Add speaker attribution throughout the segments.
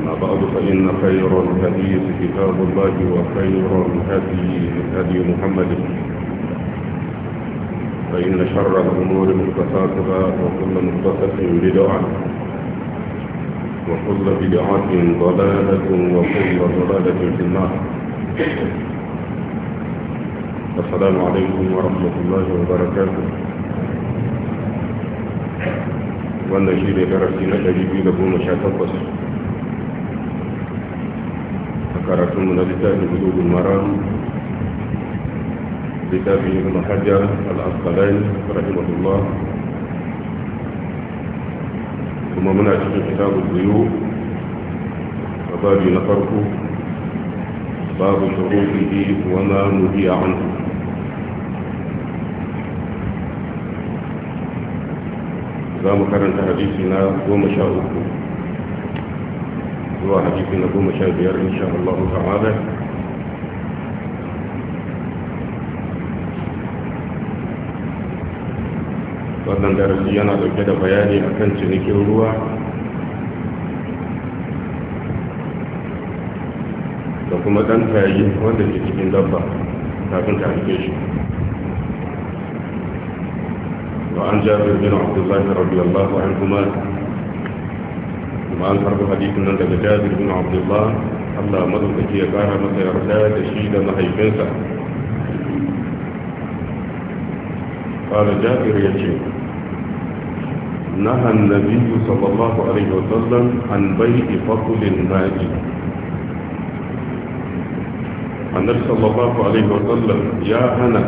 Speaker 1: أما بعد فإن خير الحديث كتاب الله وخير الهدي هدي محمد فإن شر الأمور مختصاتها وكل مختصة بدعة وكل بدعة ضلالة وكل ضلالة في النار السلام عليكم ورحمة الله وبركاته wannan shi جديد لكم na 218 ذكرتم لكتاب بلوغ المرام كتاب ابن حجر الاصلين رحمه الله ثم مناجم كتاب الضيوف وبابي نفرته باب شروطه وما نهي عنه زام كرنت حديثنا ومشاركه zuwa hadisi na goma sha biyar insha Allah ta'ala wannan darasi yana dauke da bayani akan cinikin ruwa da kuma dan tayi wanda ke cikin dabba kafin ta rike shi وعن جابر بن عبد الله رضي الله عنهما Ma'an an hadisin nan daga jabir bin abdullah Allah madaukaki ya kara masa yarda da shi da mahaifinsa qala jabir yace نهى النبي صلى الله عليه وسلم عن بيع فضل الماء النبي wa الله ya hana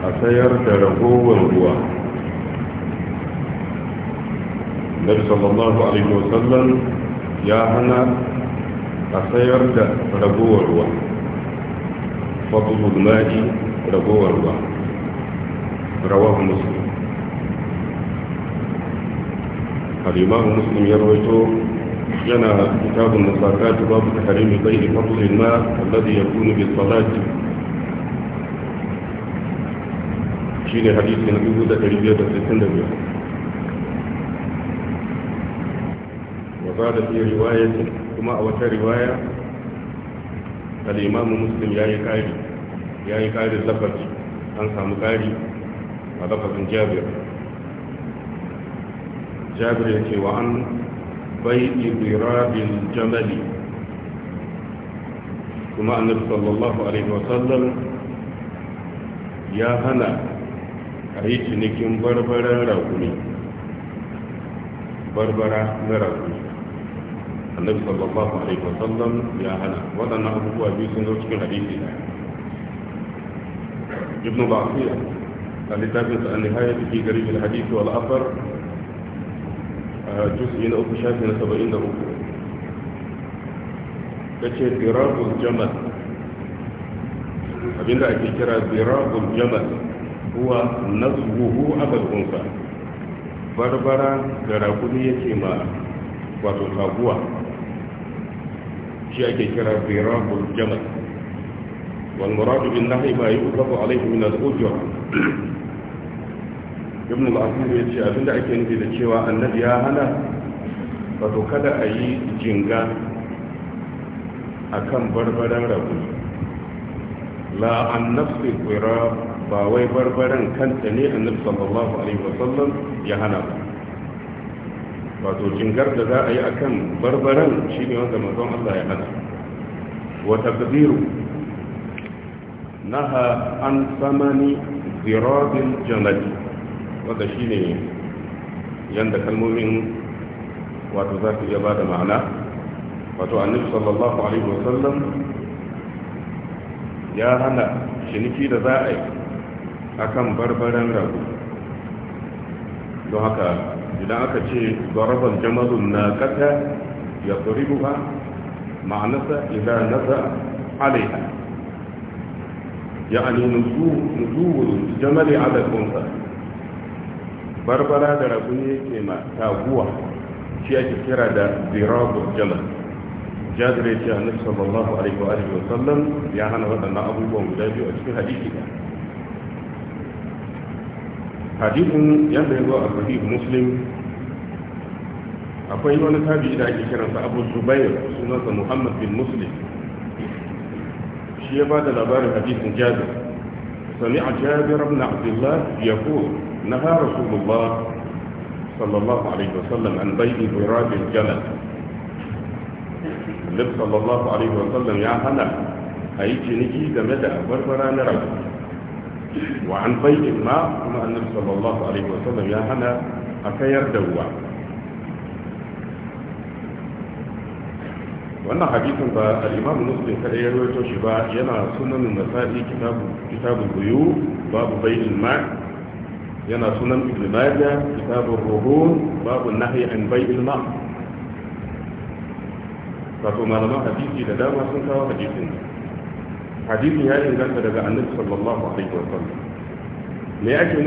Speaker 1: a sayar da ragowar ruwa. النبي صلى الله عليه وسلم يا هنا ده ربوع الوحي فضل الماء ربوع الوحي رواه مسلم الإمام مسلم يرويته لنا كتاب المساقات باب تحريم بين فضل الماء الذي يكون بالصلاة شيني حديث نبيه ده تربية 65 ibada fi riwayati kuma a wata riwaya al-imam muslim yayi kari yayi kari lafazi an samu kari a lafazin jabir jabir yake wa an bai ibirabil jamali kuma annabi sallallahu alaihi wa sallam ya hana a yi cinikin barbaran rakuni barbara na rakuni annabi sallallahu alaihi sallam ya hana waɗannan abubuwa biyu sun zo cikin hadisi da ibnu baqiya a littafin sa an-nihaya fi garib al-hadith wal athar juz'i na uku shafi na saba'in da 73 kace dirabul jamal abinda ake kira dirabul jamal huwa nazbuhu abal unsa barbara da rakumi yake ma wato taguwa shi ake kira zirabul jamal wal muradu bin nahi ma yusabu alaihi min al-ujra ibn al-asir ya ce abinda ake nufi da cewa annabi ya hana wato kada a yi jinga akan barbaran rabu la an nafsi ba wai barbaran kanta ne annabi ya hana ba wato jingar da za a yi akan barbaran shi ne wanda mazan Allah ya hana wata na ha an samani zirabin janadi wanda shi ne yadda kalmomin wato za su iya ba da ma'ana wato annabi sallallahu alaihi wasallam ya hana ciniki da za a yi akan barbaran rago don haka idan aka ce zarafan jamalun na kata ya tsoribu ba ma'anasa idan nasa alaiha ya ani nuzuwul jamali ala kunsa barbara da ne ke ma taguwa shi ake kira da zirabul jamal jazire ce annabi sallallahu alaihi wa alihi wa sallam ya hana waɗannan abubuwan guda biyu a cikin hadisi hadisin yadda ya zo a sahih muslim akwai wani tabi da ake kiransa abu zubair sunansa muhammad bin muslim shi ya ba da labarin hadisin jabir sami'a jabir ibn abdullah yaqul naha rasulullah sallallahu alaihi wasallam an bai'i birab al-jalal Nabi sallallahu alaihi wasallam ya hana a yi ciniki game da barbara na rabu وعن طيب ما كما النبي صلى الله عليه وسلم يا هنا أكير دوا وأنا حديث با الإمام نصر قد يروي توشبا ينا سنن المسائل كتاب كتاب الغيو باب بيت الماء ينا سنن ابن ماجه كتاب الرهون باب النهي عن بيت الماء فتو لما حديثي لدى ما سنكا وحديثي حديثي هذه المسألة عن النبي صلى الله عليه وسلم لأجل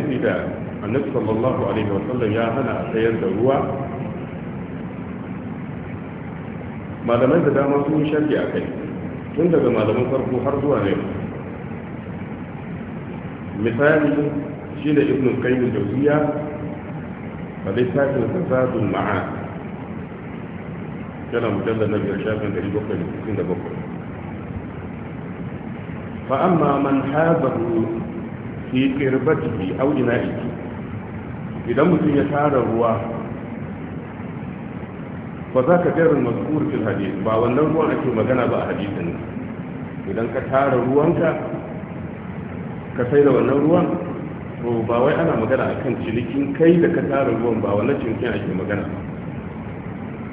Speaker 1: عن النبي صلى الله عليه وسلم يا هنا سيد هو ما دام أنت دام أنت مشاركي أكي كنت ما لم أنت ربو حرزو عليك مثال شيل ابن القيم الجوزية وليس هذا فساد معاه كلام جلد النبي الشافعي في بقر في بقر فأما من حابه في قربته أو إنائه إذا مثل يتعالى هو فذاك غير المذكور في الحديث باوالنا هو أكي مغانا بأحديثنا إذا كتعالى هو أنت كسيد والنا هو to ba wai ana magana a kan cinikin kai da ka tara ruwan ba wannan cinikin ake magana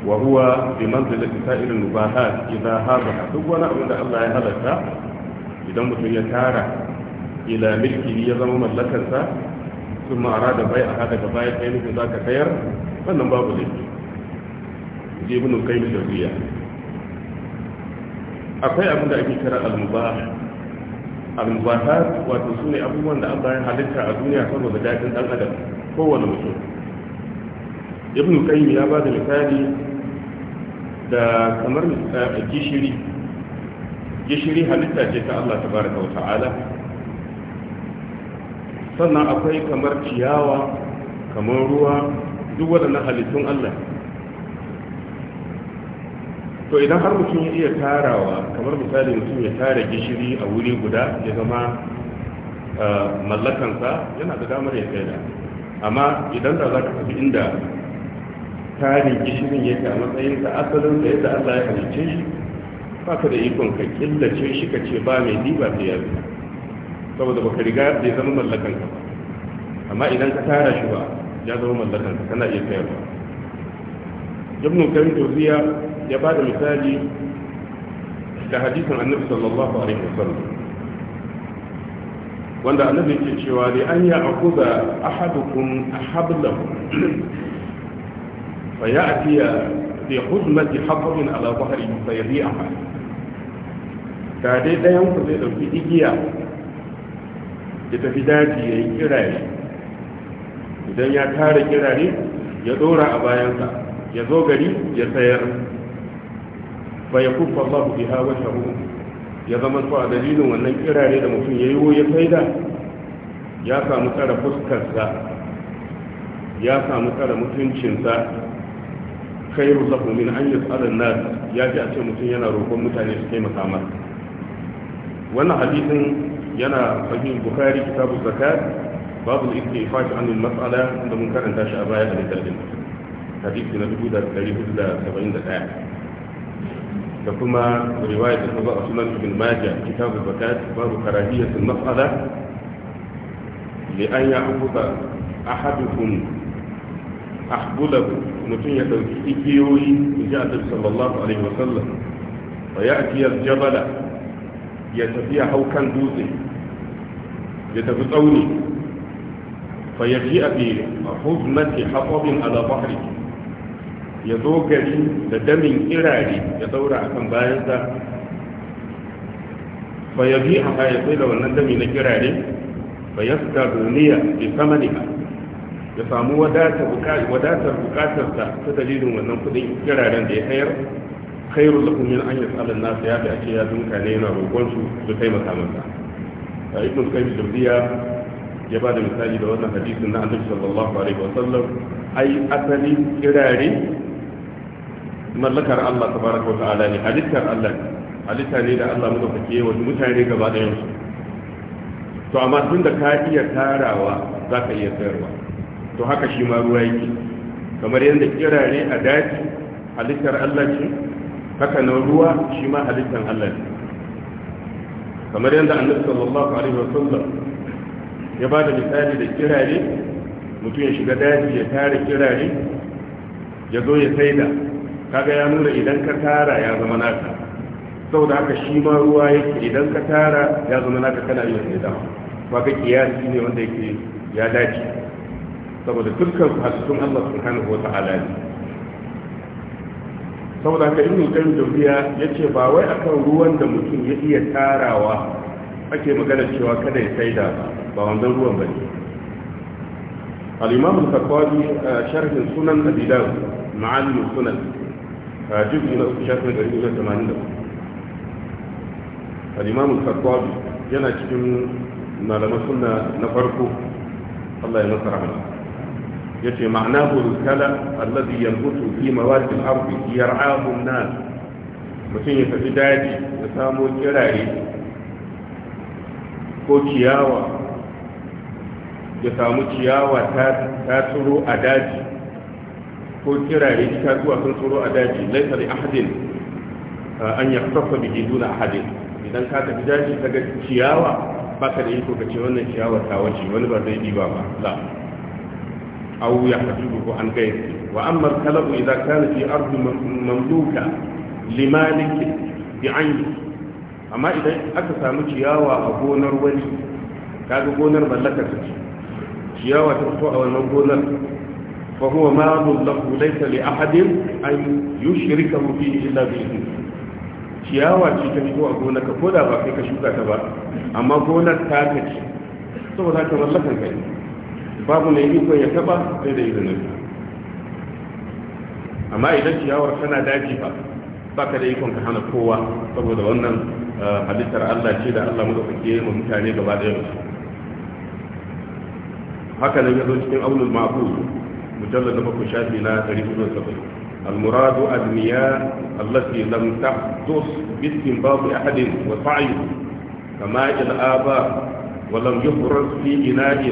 Speaker 1: wa huwa bi manzilati sa'iril mubahat idza haba duk wani abin da Allah ya halatta idan mutum ya tara ila milki ya zama mallakarsa sun ma'ara da bai a haɗa gaba ya kai nufin za ka sayar wannan babu laifi jibinin kai da riya akwai abin da ake kira al-mubahat wato su ne abubuwan da an ya halitta a duniya saboda daɗin ɗan adam kowane mutum ibn qayyim ya ba da misali da kamar eh, gishiri gishiri halitta ce ta Allah ta baraka wa ta'ala sannan akwai kamar ciyawa kamar ruwa duk waɗannan halittun Allah to idan har mutum ya iya tarawa kamar misali mutum ya tara gishiri a wuri guda ya zama eh, mallakansa yana da damar ya kai da amma idan da za ka tafi inda tarin gishirin yake a matsayin, da asalin da yadda Allah ya halicce shi ba ka da ikon ka killace shi ka ce ba mai diba da yanzu saboda ka riga ya zama mallakan ka ba amma idan ka tara shi ba ya zama mallakan ka kana iya sayarwa ibn karim tawziya ya ba da misali da hadisin annabi sallallahu alaihi wasallam wanda annabi yake cewa ne an ya akuza ahadukum ahablahu fa ya'tiya bi huzmati hablin ala dhahri fa yadi'aha ta dai ɗayan ku zai ɗauki igiya ya tafi daji ya yi kirare idan ya tara kirare ya ɗora a bayansa ya zo gari ya sayar Ba ya kufa Allah biha hu ya zama su a dalilin wannan kirare da mutum ya yiwo ya da ya samu tsara fuskarsa ya samu tsara mutuncinsa kai lahu min an yi tsarin nas ya fi a ce mutum yana roƙon mutane su taimaka masa wannan hadisin yana sahih bukhari kitabu zakat babu al-istifaq an al-mas'ala da mun karanta shi a baya a littafin hadisi na 1471 da kuma riwaya da tazo a sunan ibn majah kitabu zakat babu karahiyat al-mas'ala li an ya'khudha ahadukum ahbulahu mutum ya dauki igiyoyi in ji sallallahu alaihi wasallam fa ya'ti al-jabala ya tafi ya hau kan dutse ya tafi tsauni fa ya fi a fi huzmati haƙobin ala bahri ya zo gari da damin irari ya daura akan bayansa fa ya fi a ya sai da wannan dami na kirare fa ya fi duniya bi samanika ya samu wadatar bukatarsa ta dalilin wannan kudin kiraren da ya hayar khairu lahu min an yas'ala an-nas ya fi ake ya dunka ne yana roƙon su su taimaka masa ibn qayyim Jabiya ya ba da misali da wannan hadisin na annabi sallallahu alaihi wa sallam ai asali kirare mallakar Allah tabaraka wa ta'ala ne halittar Allah halitta ne da Allah muka fake wa mutane gaba da yansu to amma tun da ka iya tarawa za ka iya sayarwa to haka shi ma ruwa yake kamar yadda kirare a daji halittar Allah ce haka nan ruwa shi ma halittar Allah ne kamar yadda annabi sallallahu alaihi wasallam ya ba da misali da kirare mutum ya shiga daji ya tara kirare ya zo ya saida kaga ya nuna idan ka tara ya zama naka saboda haka shi ma ruwa yake idan ka tara ya zama naka kana yin saida ba ka kiyasi ne wanda yake ya dace saboda dukkan halittun Allah subhanahu wa ta'ala ne saboda ka ibn qayyim jawziya yace ba wai akan ruwan da mutum ya iya tarawa ake magana cewa kada ya saida ba wannan ruwan bane al-imam al-faqawi sharh sunan abi dawud ma'alim sunan juz'i na shafin 184 al-imam al-faqawi yana cikin malaman sunna na farko Allah ya nasara rahama yace ma'ana hulkala allazi yalbutu fi mawatil ardi yar'ahu an-nas mutum ya tafi daji ya samo kiraye ko ciyawa ya samu ciyawa ta tsoro a daji ko kirare itatuwa sun tsoro a daji laisa li ahadin uh, an yaktafa bihi duna ahadin idan ka tafi daji ka ga ciyawa ka da iko ka ce wannan ciyawa ta wace wani ba zai diba ba la أو يحجبه عن غيره وأما الكلب إذا كان في أرض مملوكة لمالك بعينه أما إذا أكسى مجياوة أو غونر ولي كاد غونر ملكة جياوة ترفع والغونر فهو ماض له ليس لأحد أن يشركه فيه إلا بإذنه ciyawa ce ta fito a gonarka ko da ba kai ka shuka ta ba amma gonar ta kace saboda haka mallakan kai babu mai ikon ya taba sai da izinin amma idan ciyawar tana daji ba ba ka da ikon ka hana kowa saboda wannan eh, halittar Allah ce da Allah madaukake ya mutane gaba da su haka ne yazo cikin aulul ma'qul mujallad na bakwai shafi na 470 المراد المياه التي لم تحدث باستنباط kama وسعي كماء الآباء ولم يفرز في إناء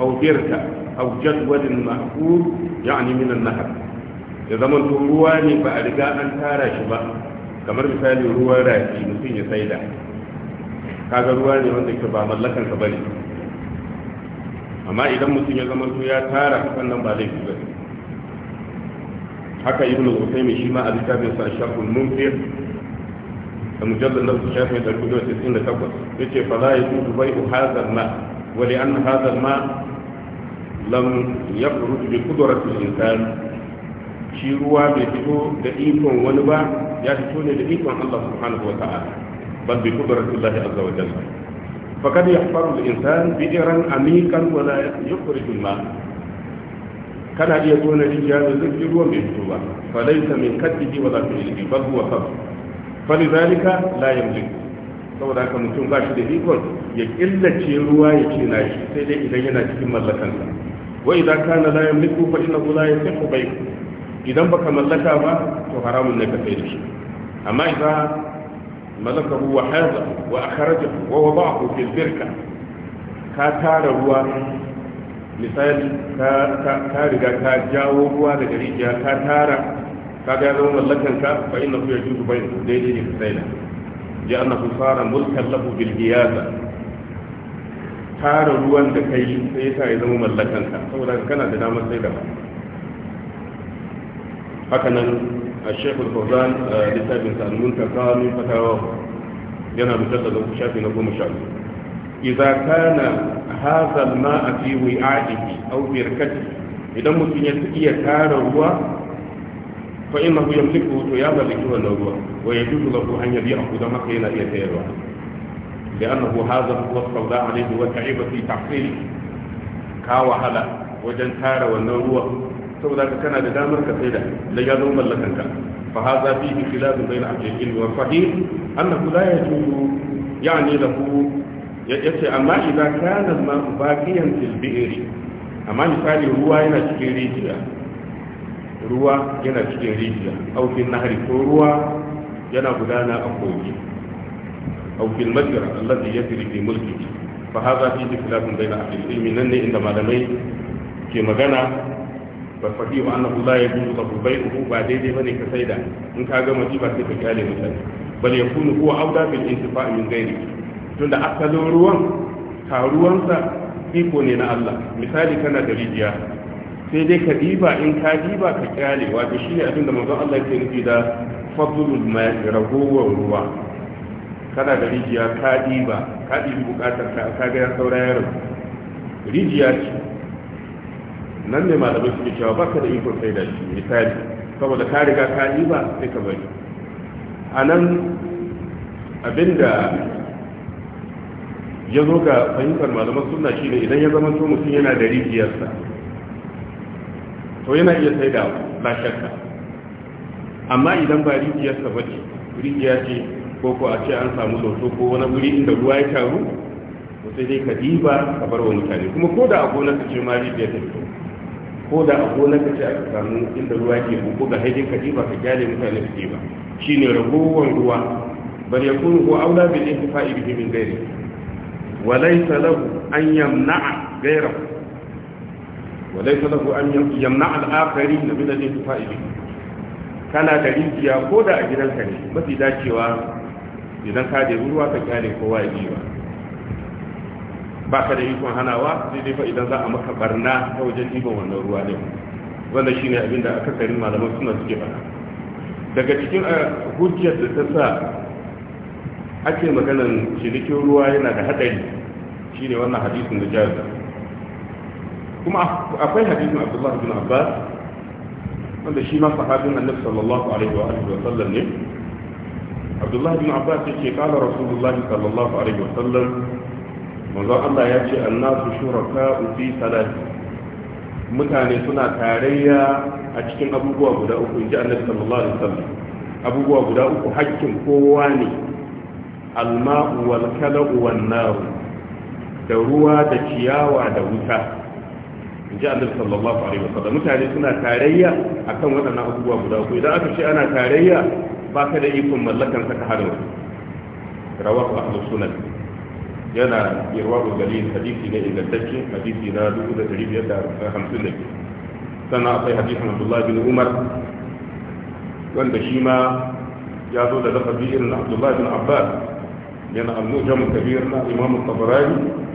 Speaker 1: أو بركة أو جدول مأكول يعني من النهر إذا من رواني فأرجاء أن تارى شبا كما مثال روى راجي مثل سيدا هذا رواني وأن يكتبع ملكا كبالي amma idan mutum ya zama ya tara wannan ba laifi ba haka ibn al-usaymi shi ma a littafin sa shafin munfir da mujallal na shafin da kudu da 68 yace fa la yudu bai'u hadha ma ولأن هذا الماء لم يخرج بقدرة الإنسان shi ruwa bai fito da ikon wani ba ya fito ne da ikon Allah subhanahu wa ta'ala bal bi qudratillahi azza wa jalla faqad yahfaru al-insan bi'ran amikan wa la yukhriju ma kana iya tona rijiya da zai ruwan bai fito ba fa laysa min kaddihi wa la fi'lihi bal huwa sabr فلذلك لا يملك saboda haka mutum ba shi da ikon ya killace ruwa ya ce na shi sai dai idan yana cikin mallakansa wa idan na la yamliku fa innahu ya yasihu kubai idan baka mallaka ba to haramun ne ka sai da shi amma idan malakahu wa hadha wa akhrajahu wa wada'ahu fil birka ka tara ruwa misali ka riga ka jawo ruwa daga rijiya ka tara ka ga zama mallakan ka fa inna ku yajuzu bai daidai ne ka sai لأنه صار ملكا له بالقيادة صار روا لكي سيسا إذا مملكا أولا كان دنام السيدة هكذا الشيخ الفوزان آه، لسائب انت المنتقى من فتاوى ينا مجدد وشاف نظم شعب إذا كان هذا الماء في وعائه أو بركته إذا ممكن يتقي تار الله fa innahu yamliku to ya mallaki wannan ruwa wa yajuzu lahu an yabi'ahu dan haka yana iya sayarwa لأنه هذا هو السوداء عليه وتعب في تحصيله كاوهلا wajen tara wannan ruwa saboda ka kana da damar ka sai da da ya zama mallakanka fa hadha fihi khilafun bayna ahli ilmi wa sahih annahu la yajuzu yani lahu yace amma idan kana ma baqiyan fil bi'ri amma misali ruwa yana cikin rijiya ruwa yana cikin rijiya aukin nahari ko ruwa yana gudana a kogi aukin majira allazi ya fi fi mulki fa haza fi ikhtilafin bayna ahli ilmi nan ne inda malamai ke magana ba fadi wa annahu la yajuzu lahu bai'uhu ba daidai bane ka saida in ka ga maji ba sai ka kyale mutane bal yakunu huwa awda bil intifa' min ghairi tunda asalin ruwan taruwansa iko ne na Allah misali kana da rijiya sai dai ka diba in ka diba ka kyale wato shi ne abinda mazan Allah ke nufi da fadlul mai ragowar ruwa kana da rijiya ka diba ka diba bukatar ka ka ga saura ya rabu rijiya ce nan ne malamai suke cewa baka da iko sai da shi misali saboda ka riga ka diba sai ka bari a nan abinda ya zo ga fahimtar malaman sunna shine idan ya zama so mutum yana da rijiyarsa to yana iya da ba shakka amma idan ba rijiyarsa ba ce rijiya ce ko ko a ce an samu loto ko wani wuri inda ruwa ya taru to sai dai ka diba ka bar wa mutane kuma ko da a na ka ce ma rijiya ta fito ko da a na ka ce aka samu inda ruwa ke buku ga haidin ka diba ka gyale mutane su diba shine ragowar ruwa ya kuma ko aula bil intifa'i bihi min ghairi wa Walai lahu an yamna'a ghayrahu وليس له أن يمنع الآخرين من الانتفاع به كان دليل يا كودا أجل الكريم ما في dacewa idan ka je ruwa ka kyale kowa ya jiwa ba ka da ikon hanawa sai dai fa idan za a maka barna ta wajen ɗiban wannan ruwa ne wanda shine abin da akasarin malaman suna suke bana daga cikin hujjar da ta sa ake maganan cinikin ruwa yana da hadari shine wannan hadisin da jazar kuma akwai hadisin abdullahi bin abbas wanda shi ma sahabin annabi sallallahu alaihi wa alihi wa sallam ne abdullahi bin abbas yake kala rasulullahi sallallahu alaihi wa sallam manzo Allah ya ce annasu shuraka fi salati mutane suna tarayya a cikin abubuwa guda uku inji annabi sallallahu alaihi wa sallam abubuwa guda uku hakkin kowa ne alma'u wal kala'u wan nar da ruwa da ciyawa da wuta in ji annabi sallallahu alaihi wasallam mutane suna tarayya akan waɗannan abubuwa guda uku idan aka ce ana tarayya ba ka da ikon mallakan ka hada wani rawahu ahlus sunan yana irwaru dalil hadisi ne ingantacce hadisi na dubu da da da biyar hamsin 1552 sannan akwai hadisin abdullahi bin umar wanda shi ma ya zo da lafazi irin abdullahi bin abbas yana al-mujam kabir na imam tabarani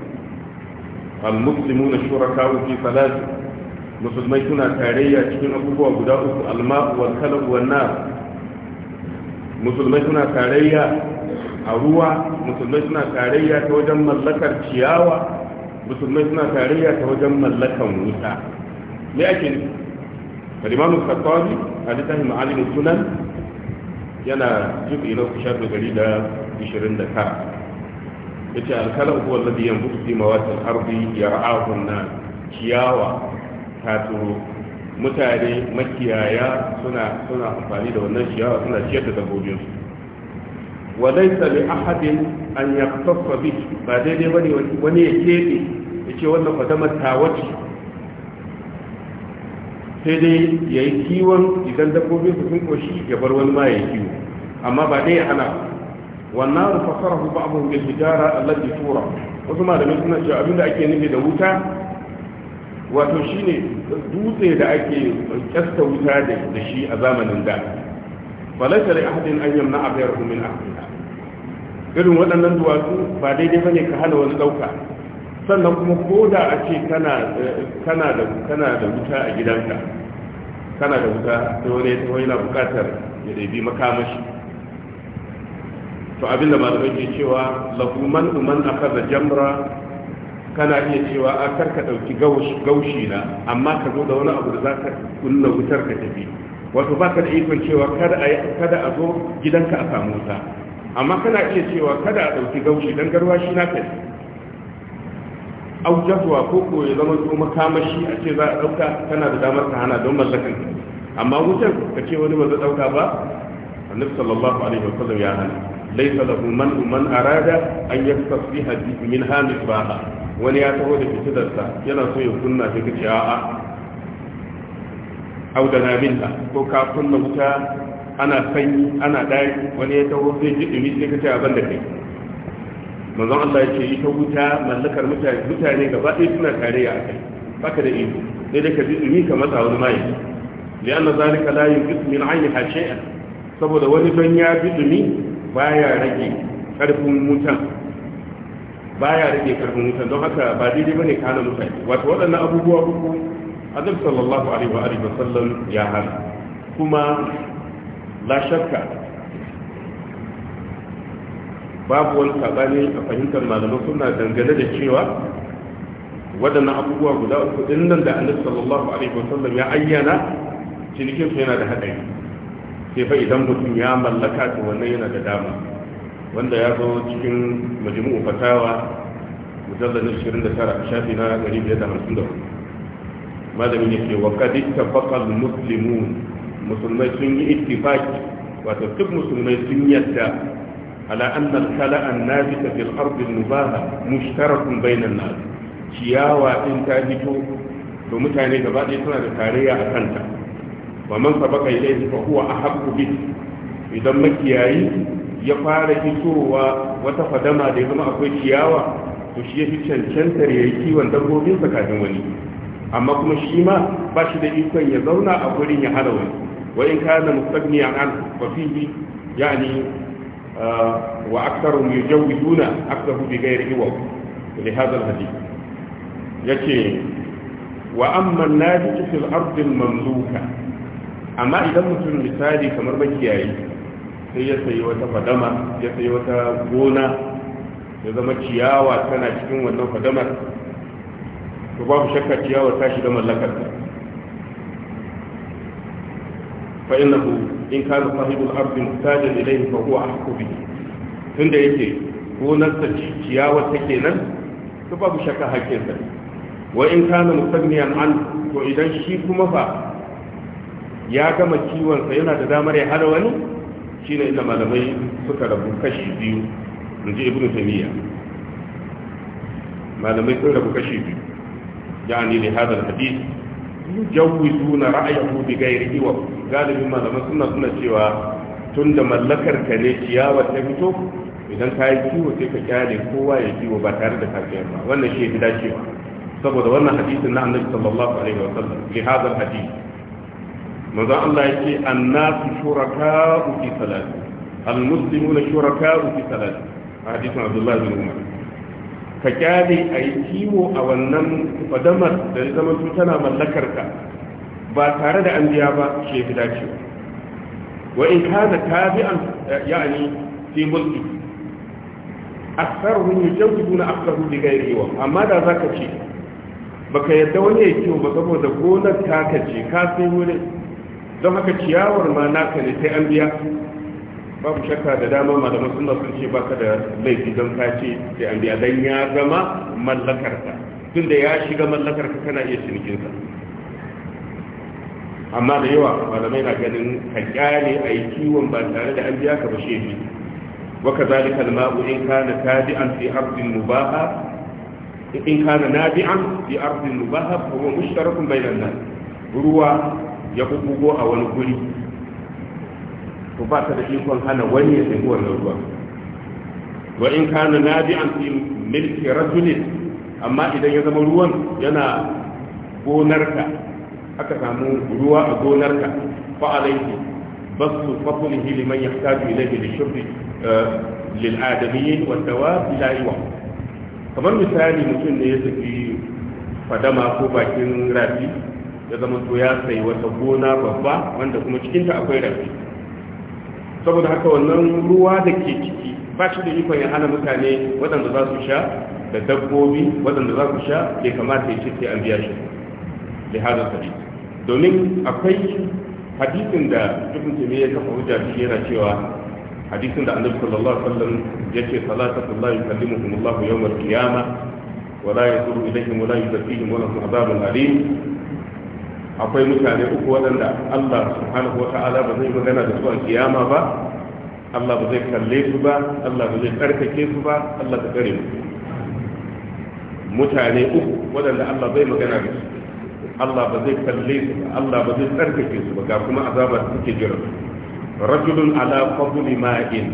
Speaker 1: المسلمون الشركاء في ثلاث مسلمين كاريا تشكين أبوه وقداؤه الماء والخلق والنار مسلمين كاريا أروى مسلمين كاريا توجم ملكة شياوة مسلمين كاريا توجم ملكة موسى لكن فالإمام الخطابي هذا تهم علم السنن ينا جب إلى الشاب الغريدة بشرين دكار yace alkalam huwa alladhi yanbutu fi mawati al-ardi yar'ahu an-nas ciyawa ta mutare mutane makiyaya suna suna amfani da wannan ciyawa suna ciyar da dabbobin su wa laysa li ahadin an yaqtaffa bi ba daidai bane wani ya kebe yace wannan fadama tawaci sai dai yayi kiwon idan dabbobin su sun koshi ya bar wani ma ya kiwo amma ba dai ya hana wannan fasarahu ba'dhum bil hijara allati tura wasu malamai suna cewa abinda ake nufi da wuta wato shine dutse da ake kasta wuta da shi a zamanin da falasha da ahadin an yamna a bayar min afirka irin waɗannan duwatsu ba daidai bane ka hana wani ɗauka sannan kuma ko da a ce kana da wuta a gidanka kana da wuta sai wani ya tafi yana buƙatar ya ɗabi makamashi to abinda malamai ke cewa lahuman uman man akaza jamra kana iya cewa a karka dauki gaushi na amma ka zo da wani abu da zaka kunna wutar ka tafi wato baka da ikon cewa kada a kada a zo gidanka a samu wuta amma kana iya cewa kada a dauki gaushi dan shi na kai au jazwa ko ko ya zama to makamashi a ce za a dauka kana da damar ka hana don mallakan amma wutar ka ce wani ba zai dauka ba annabi sallallahu alaihi wasallam ya hana laysa lahu man man arada an yaktafiha min hamil baha wani ya taho da fitilarsa yana so ya kunna ta kace a'a au da naminta ko ka kunna wuta ana sanyi ana ɗari wani ya taho zai ji dumi sai kace abin da kai manzon Allah ya ce ita wuta mallakar mutane mutane gaba ɗaya suna tarayya a kai baka da iko sai da ka ji dumi ka matsa wani mai lianna zalika la yunqis min ayniha shay'an saboda wani don ya ji dumi baya rage karfin wutan baya rage karfin wutan don haka ba daidai bane kana mutane wato waɗannan abubuwa uku annabi sallallahu alaihi wa alihi wasallam ya hana kuma la shakka babu wani sabani a fahimtar malaman suna dangane da cewa waɗannan abubuwa guda uku din nan da annabi sallallahu alaihi wa sallam ya ayyana cinikin su yana da haɗari sai idan mutum ya mallaka ta wannan yana da dama wanda ya zo cikin majmu'u fatawa mujallal 29 shafi na 154 malamin yake wa qad ittafaqa al-muslimun musulmai sun yi ittifaki wato duk musulmai sun yadda ala anna al-kala'a an-nabita fil ardi al-mubaha mushtarakun bayna an-nas ciyawa in ta fito to mutane gaba ɗaya suna da tarayya a kanta wa man sabaka ilayhi fa huwa ahabbu bi idan makiyayi ya fara fitowa wata fadama da ya zama akwai ciyawa to shi ya fi cancantar ya kiwon dabbobin sa kafin wani amma kuma shi ma ba shi da ikon ya zauna a gurin ya hana wani wa in kana mustagniyan an wa fihi yani ah, wa aktharu yujawiduna aktharu bi ghairi iwa li hadha alhadith yace wa amma an-najis fil ardi mamluka amma idan mutum misali kamar makiyayi sai ya sayi wata fadama ya sayi wata gona ya zama ciyawa tana cikin wannan fadamar to ku shakka ciyawa ta shiga mallakar ta fa innahu in kana sahibul ardi muhtajan ilayhi fa huwa ahqu bi tunda yake ta ciyawa take nan to ku shakka hakkin sa wa in kana mustagniyan an to idan shi kuma fa ya gama kiwonsa yana da damar ya hada wani shi ne inda malamai suka rabu kashi biyu in ji ibnu taymiya malamai sun rabu kashi biyu ya yani li hadal hadith yujawizuna ra'ayahu bi ghairihi wa galibin malamai suna suna cewa tunda mallakar ka ne ciyawa ta fito idan ka yi kiwo sai ka kyale kowa ya kiwo ba tare da kafiyar ba wannan shi ya fi dacewa saboda wannan hadisin na annabi sallallahu alaihi wa sallam li hadal hadith manzon Allah yake annasu al fi na almuslimuna uki fi salati hadisin Abdullah bin Umar ka kyale a yi kiwo a wannan fadamar da ya zama tana mallakar ka ba tare da an biya ba shi fi dacewa wa in an tabi'an yani fi mulki aktharuhum yujawiduna aktharuhum bi ghairi wa amma da za zaka ce baka yadda wani ya kiwo ba saboda gonar taka ce ka sai wurin don haka ciyawar ma naka ne sai an biya babu shakka da dama malaman sunna sun ce baka da laifi don ka ce sai an biya don ya zama mallakarka tunda ya shiga mallakarka kana iya cinikinsa amma da yawa malamai na ganin ka kyale a yi kiwon ba tare da an biya ka ba shefi waka zalika alma'u in kana tabi'an fi ardin mubaha in kana nabi'an fi ardin mubaha fa huwa mushtarakun bainan nas ruwa ya kubugo a wani guri ko ba ta da ikon hana wani ya tafi wannan ruwa wa in kana an fi milki rajulin amma idan ya zama ruwan yana gonarka aka samu ruwa a gonarka fa alayhi basu fadlihi liman yahtaju ilayhi lishurbi eh, lil adamiyyin wa dawab ila iwa kamar misali mutum ne ya tafi fadama ko bakin rafi ya zama to ya sayi wata gona babba wanda kuma cikinta akwai rafi saboda haka wannan ruwa da ke ciki ba shi da ikon ya hana mutane waɗanda za su sha da dabbobi waɗanda za su sha ke kamata ya ce sai an biya shi da hada sari domin akwai hadisin da ibn taymiyyah ya kafa hujja shi yana cewa hadisin da annabi sallallahu alaihi wasallam ce, salatu llahi yukallimuhum Allahu yawm al-qiyamah wa la yadhuru ilayhim wa la yuzakkihim wa lahum adhabun alim akwai mutane uku waɗanda Allah subhanahu wa ta'ala ba zai magana da su a kiyama ba Allah ba zai kalle su ba Allah ba zai karkake su ba Allah ka kare mutane uku waɗanda Allah bai magana da su Allah ba zai kalle su ba Allah ba zai karkake su ba ga kuma azabar da suke jira rajulun ala fadli ma'in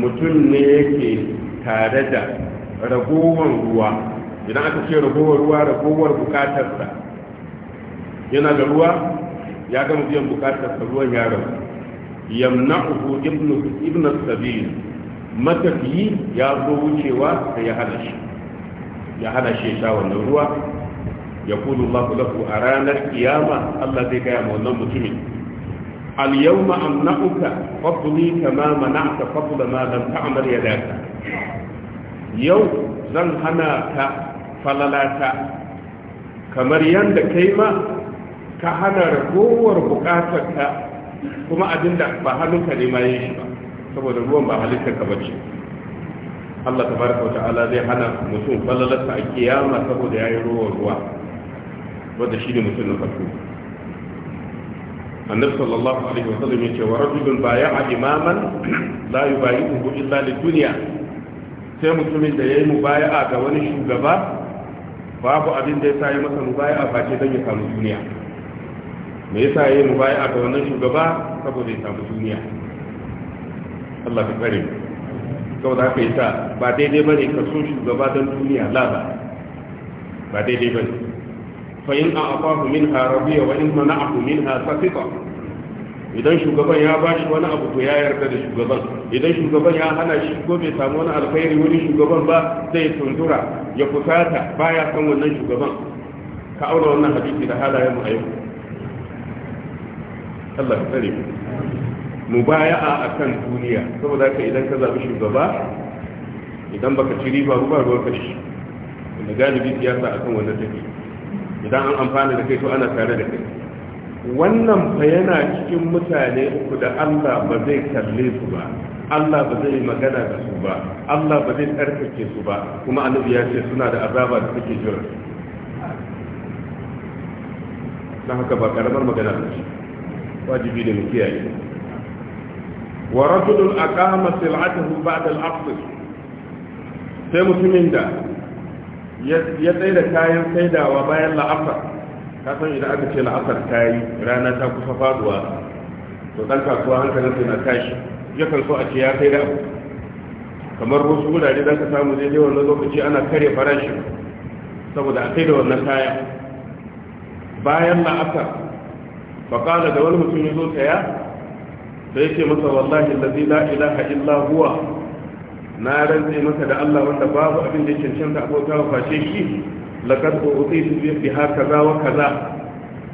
Speaker 1: mutum ne yake tare da ragowar ruwa idan aka ce ragowar ruwa ragowar bukatarsa yana da ruwa ya gama biyan bukatar sa ruwan yaron yamna'uhu ibnu ibnu sabil matafiyi ya zo wucewa da ya hana shi ya hana shi sha wannan ruwa ya kudu Allah lahu a ranar kiyama Allah zai gaya ma wannan mutumin al yawma amna'uka fadli kama mana'ta fadla ma lam ta'mal yadaka yau zan hana ka falalata kamar yanda kai ma ka hana ragowar bukatar ka kuma abin da ba hannunka ne ma yi shi ba saboda ruwan ba halittar ka bace Allah ta baraka wa ta'ala zai hana mutum falalarsa a kiyama saboda ya yi ruwan ruwa wadda shi ne mutum na farko annabi sallallahu alaihi wa sallam yace wa rajulun baya'a imaman la ungu illa lid duniya? sai mutumin da yayi mubaya'a ga wani shugaba babu abin da ya sa yi masa mubaya'a face don ya samu duniya me yasa yayi mubaya ga wannan shugaba saboda ya samu duniya Allah ka kare saboda haka yasa ba daidai bane ka so shugaba don duniya la ba ba daidai bane fa in a afahu minha rabiya wa in mana'ahu minha saqita idan shugaban ya bashi wani abu to ya yarda da shugaban idan shugaban ya hana shi ko bai samu wani alkhairi wani shugaban ba zai tuntura ya kusata baya san wannan shugaban ka aure wannan hadisi da halayen mu a yau Allah ka tsare mu mubaya'a akan duniya saboda haka idan ka zabi shugaba idan baka ci riba ruwa ruwa ka shi wanda galibi siyasa akan wannan take idan an amfana da kai to ana tare da kai wannan fa yana cikin mutane uku da Allah ba zai kalle su ba Allah ba zai magana da su ba Allah ba zai tsarkake su ba kuma annabi ya ce suna da azaba da suke jira dan haka ba karamar magana ba wajibi da mu kiyaye wa rajulun aqama sil'atahu ba'da al-aqd sai mutumin da ya tsaye da kayan saidawa bayan la'asar ka san idan aka ce ta yi rana ta kusa faduwa to dan kasuwa hankalin suna na tashi yakan so a ce ya sai da abu kamar wasu wurare dan ka samu daidai wannan lokaci ana kare farashin saboda a kai da wannan kaya bayan la'asar faƙala da wani mutum ya zo taya da yake masa wallahi lazi la ilaha illa huwa na rantse masa da Allah wanda babu abin da cancanta abota wa fashe shi su utitu bi kaza wa kaza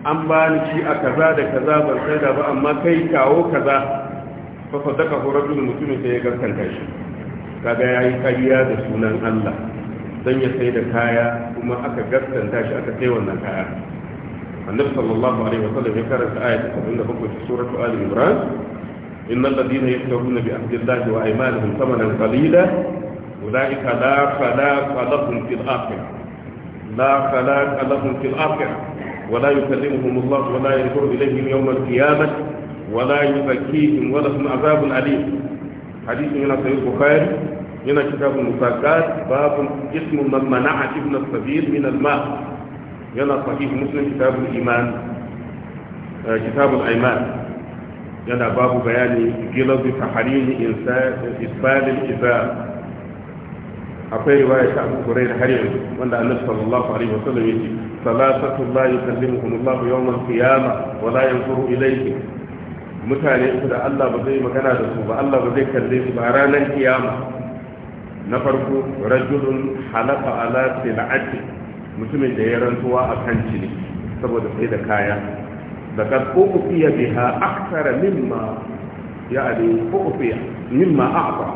Speaker 1: an bani shi a kaza da kaza ban sai da ba amma kai kawo kaza fa sadaka horar rajul mutum sai ya gaskanta shi kaga yayi kariya da sunan Allah dan ya sai da kaya kuma aka gaskanta shi aka sai wannan kaya النبي صلى الله عليه وسلم في آية إن في سورة آل عمران إن الذين يشترون بعهد الله وأيمانهم ثمنا قليلا أولئك لا خلاق لهم في الآخرة لا خلاق لهم في الآخرة ولا يكلمهم الله ولا ينظر إليهم يوم القيامة ولا يزكيهم ولهم عذاب أليم حديث من صحيح البخاري من كتاب المساكات باب اسم من منع ابن السبيل من الماء yana sahih muslim kitabul iman kitabul aiman yana babu bayani gilazu taharimi isbalil izar akwai riwaya ta Abu Hurairah har yanzu wanda Annabi sallallahu alaihi wasallam yace salasatu la yukallimuhum Allah yawm al-qiyamah wa la yanzuru ilayhim mutane uku da Allah ba zai magana da su ba Allah ba zai kalle su ba ranar kiyama na farko rajulun halafa ala sil'ati mutumin da ya rantsuwa a kan cini saboda sai da kaya da kad ufiya biha akthara mimma ya ali ufiya mimma a'ta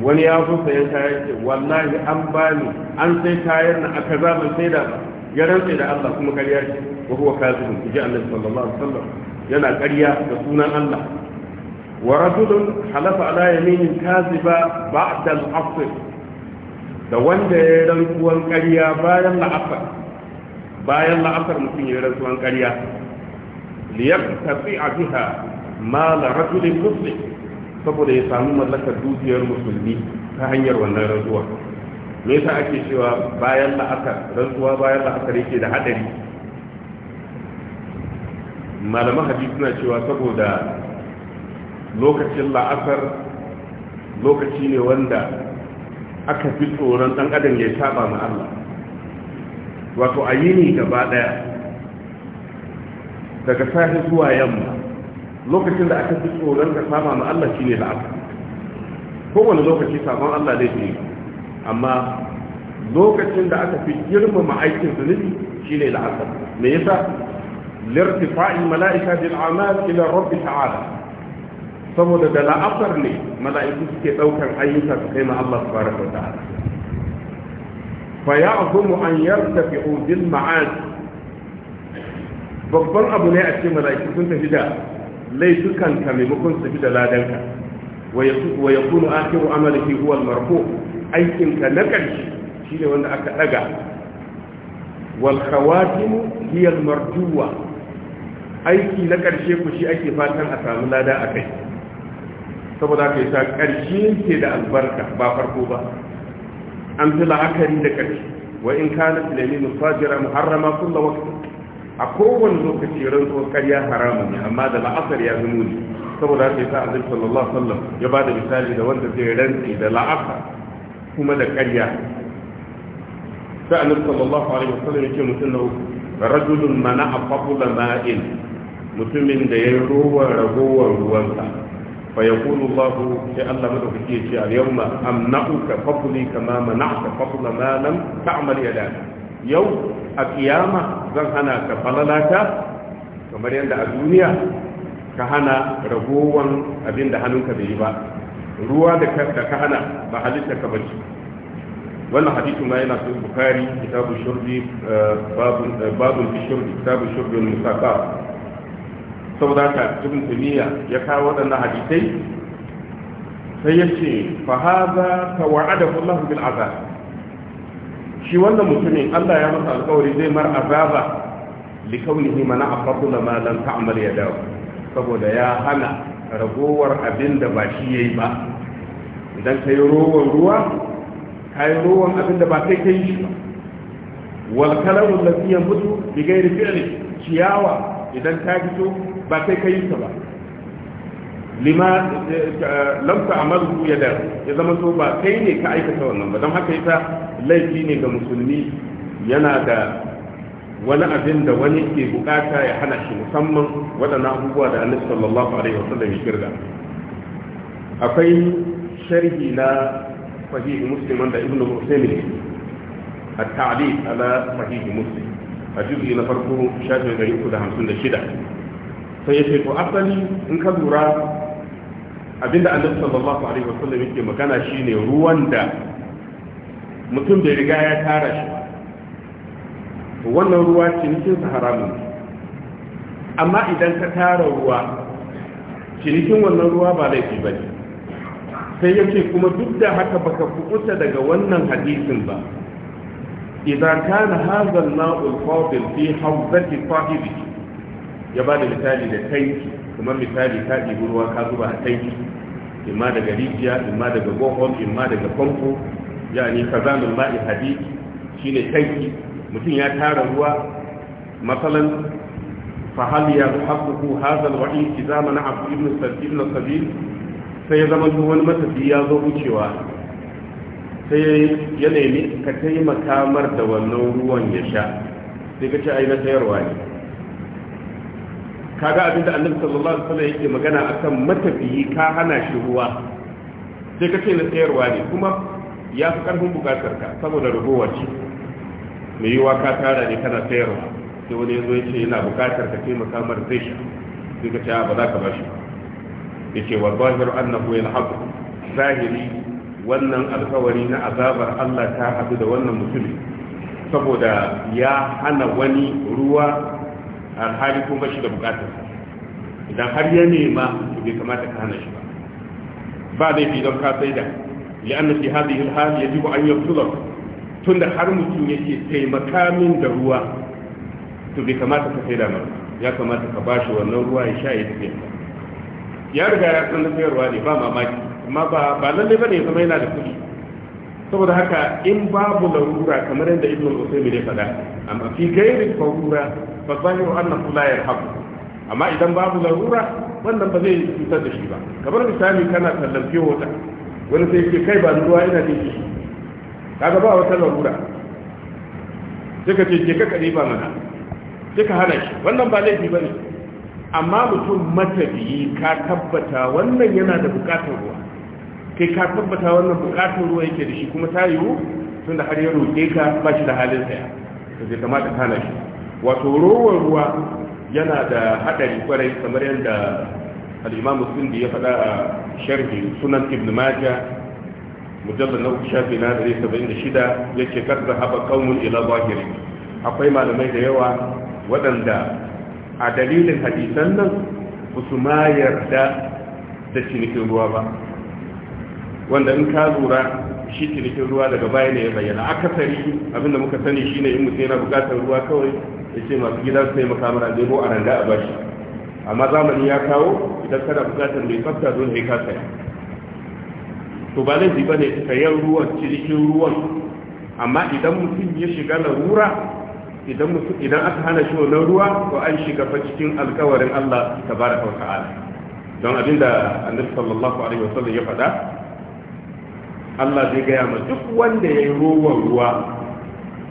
Speaker 1: wani ya fi sayan kayan ce wallahi an ba ni an sai kayan na aka zaɓin sai da ya rantsa da Allah kuma ƙarya ce wa huwa kazibun ji Allah sallallahu alaihi wasallam yana ƙarya da sunan Allah wa rajulun halafa ala yaminin kaziba ba'da al-asr da wanda ya rantsuwan ƙarya bayan la'afar bayan la'afar mutum ya rantsuwan ƙarya fiha ma la rajulin muslim saboda ya samu mallakar dukiyar musulmi ta hanyar wannan rantsuwa me yasa ake cewa bayan la'afar rantsuwa bayan la'afar yake da hadari malaman hadisi suna cewa saboda lokacin la'afar lokaci ne wanda aka fi tsoron ɗan adam ya saba ma Allah wato a ni gaba ɗaya daga safe zuwa yamma lokacin da aka fi tsoron ka saba ma Allah shi ne la'asar kowane lokaci sabon Allah zai fi amma lokacin da aka fi girmama aikin zunubi shi ne la'asar me yasa lirtifa'i mala'ika bil a'mal ila rabbi ta'ala saboda da la'afar ne mala'iku suke ɗaukar ayyuka su kai ma Allah subhanahu wa ta'ala fa ya'zumu an yartafi'u bil ma'ad babban abu ne a ce mala'iku sun tafi da laifukan ka maimakon su fi da ladanka wa yakunu akhiru amaliki huwa al-marfu aikin ka na ƙarshe shine wanda aka daga wal khawatimu hiya al-marjuwa aiki na ƙarshe ku shi ake fatan a samu lada a kai saboda ka yi sa ƙarshe ke da albarka ba farko ba an fi la'akari da ƙarshe wa in kana filaminu fajira muharrama kulla wakti a kowane lokaci rantsuwar ƙarya haramun ne amma da la'asar ya zama ne saboda ka yi sa azim sallallahu sallam ya ba da misali da wanda zai rantsi da la'asar kuma da ƙarya Sai sa'anin sallallahu alaihi wasallam ya ce mutum na uku rajulun mana a fabula ma'in mutumin da ya yi rowar ragowar ruwansa fa yaqulu Allah sai Allah madaukake ce a yawma amna'uka fadli kama mana'ta fadla ma lam ta'mal yadaka yau a kiyama zan hana ka falalata kamar yadda a duniya ka hana ragowan abinda hannunka bai yi ba ruwa da ka hana ba ka bace hadisi ma yana cikin bukari kitabu shurbi babu babu shurbi kitabu shurbi musaqa saboda haka ibn taymiya ya kawo waɗannan hadisai sai ya ce fa haza ta tawa'adahu Allah bil azab shi wannan mutumin Allah ya masa alƙawari zai mar azaba li kaunihi mana afadula ma lam ta'mal yadahu saboda ya hana ragowar abin da ba shi yayi ba idan kai rowan ruwa kai rowan abin da ba kai kai shi ba wal kalamu allazi yanbutu bi ghairi fi'li ciyawa idan ta fito ba sai ka yi ta ba lima lamta amaru ya da ya zama so ba kai ne ka aikata wannan ba don haka ita laifi ne ga musulmi yana da wani abin da wani ke bukata ya hana shi musamman waɗannan abubuwa da annabi sallallahu alaihi wasallam ya kirga akwai sharhi na sahih muslim da ibnu muslim at-ta'liq ala sahih muslim a juzu na farko shafin 356 sai ya ce to asali in ka lura abinda annabi sallallahu alaihi wasallam yake magana shine ruwan da mutum bai riga ya tara shi ba wannan ruwa cinikin sa haramun amma idan ka tara ruwa cinikin wannan ruwa ba laifi ba ne sai yake kuma duk da haka baka kuɓuta daga wannan hadisin ba idan kana hazan na'ul fadil fi hawzati sahibihi ya ba da misali da tanki kuma misali ka ɗibi ruwa ka zuba a tanki imma daga rijiya imma daga bohol imma daga famfo yani kazanul ma'i Shi ne tanki mutum ya tara ruwa masalan fa hal ya yuhaqqiqu hadha al-wa'id idza mana abu ibn na sabil sai ya zama duk wani matafi ya zo wucewa sai ya nemi ka taimaka mar da wannan ruwan ya sha sai ka ce ai na sayarwa ne kaga abinda annabi sallallahu alaihi wasallam yake magana akan matafiyi ka hana shi ruwa sai ka ce na sayarwa ne kuma ya fi karfin bukatar ka saboda rubowa ce mai yiwa ka tara ne kana sayarwa sai wani yazo ya yana bukatar ka taimaka mar zai shi sai ka a ba za ka ba shi wa zahir annahu yalhaqu zahiri wannan alkawari na azabar Allah ta hadu da wannan mutum saboda ya hana wani ruwa alhali ko bashi shi da bukatar idan har ya nema to bai kamata ka hana shi ba ba fi don ka sai da li'anna fi hadhihi alhali hal yajibu an yabtula tunda har mutum yake taimaka min da ruwa to bai kamata ka sai da mara ya kamata ka bashi wannan ruwa ya sha ya tafi ya riga ya san sayarwa ne ba mamaki amma ba lalle bane ya zama yana da kuɗi saboda haka in babu larura kamar yadda ibn al-usaymi ya faɗa amma fi gairi larura fa zahiru annahu la yarhabu amma idan babu larura wannan ba zai cutar da shi ba kamar misali kana tallafi wata wani sai ce kai ba ruwa ina jin shi kaga ba wata larura sai ka ce ke ka kare ba mana sai ka hana shi wannan ba laifi bane amma mutum matafiyi ka tabbata wannan yana da bukatar ruwa kai ka tabbata wannan bukatun ruwa yake da shi kuma ta yiwu tun da har ya roƙe ka ba shi da halin saya ta zai kamata kana shi wato rowar ruwa yana da haɗari kwarai kamar yadda al'imam da ya faɗa a sharhi sunan ibn maja mujallar na uku shafi na da saba'in da shida ya ce kar da haɓa kaunin ila zahiri akwai malamai da yawa waɗanda a dalilin hadisan nan ba su ma yarda da cinikin ruwa ba wanda in ka lura shi cinikin ruwa daga baya ne ya bayyana akasari abinda muka sani shine in mutum yana bukatar ruwa kawai ya ce masu gida su taimaka makamara zai bo a randa a bashi amma zamani ya kawo idan kana bukatar mai tsafta don ne ka saya to ba laifi ba ne sayan ruwan cinikin ruwan amma idan mutum ya shiga larura idan mutum idan aka hana shi wannan ruwa to an shiga fa cikin alkawarin Allah tabaraka wa ta'ala don abinda annabi sallallahu alaihi wasallam ya faɗa Allah zai gaya ma duk wanda ya yi rowan ruwa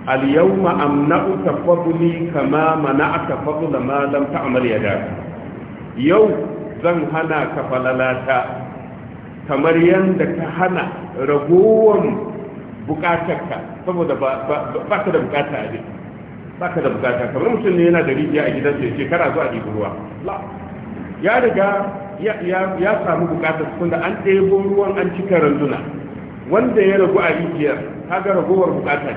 Speaker 1: al-yawma amna'uka fadli kama mana'aka fadla ma lam ta'mal yadak yau zan hana ka falalata kamar yanda ka hana ragowan bukatarka saboda ba ka da bukata a jiki ba ka da bukata kamar mutum ne yana da rijiya a gidansa ya shekara zuwa ɗibi ruwa ya riga ya samu bukatar tunda an ɗebo ruwan an cika randuna wanda ya ragu a rijiyar kaga raguwar bukata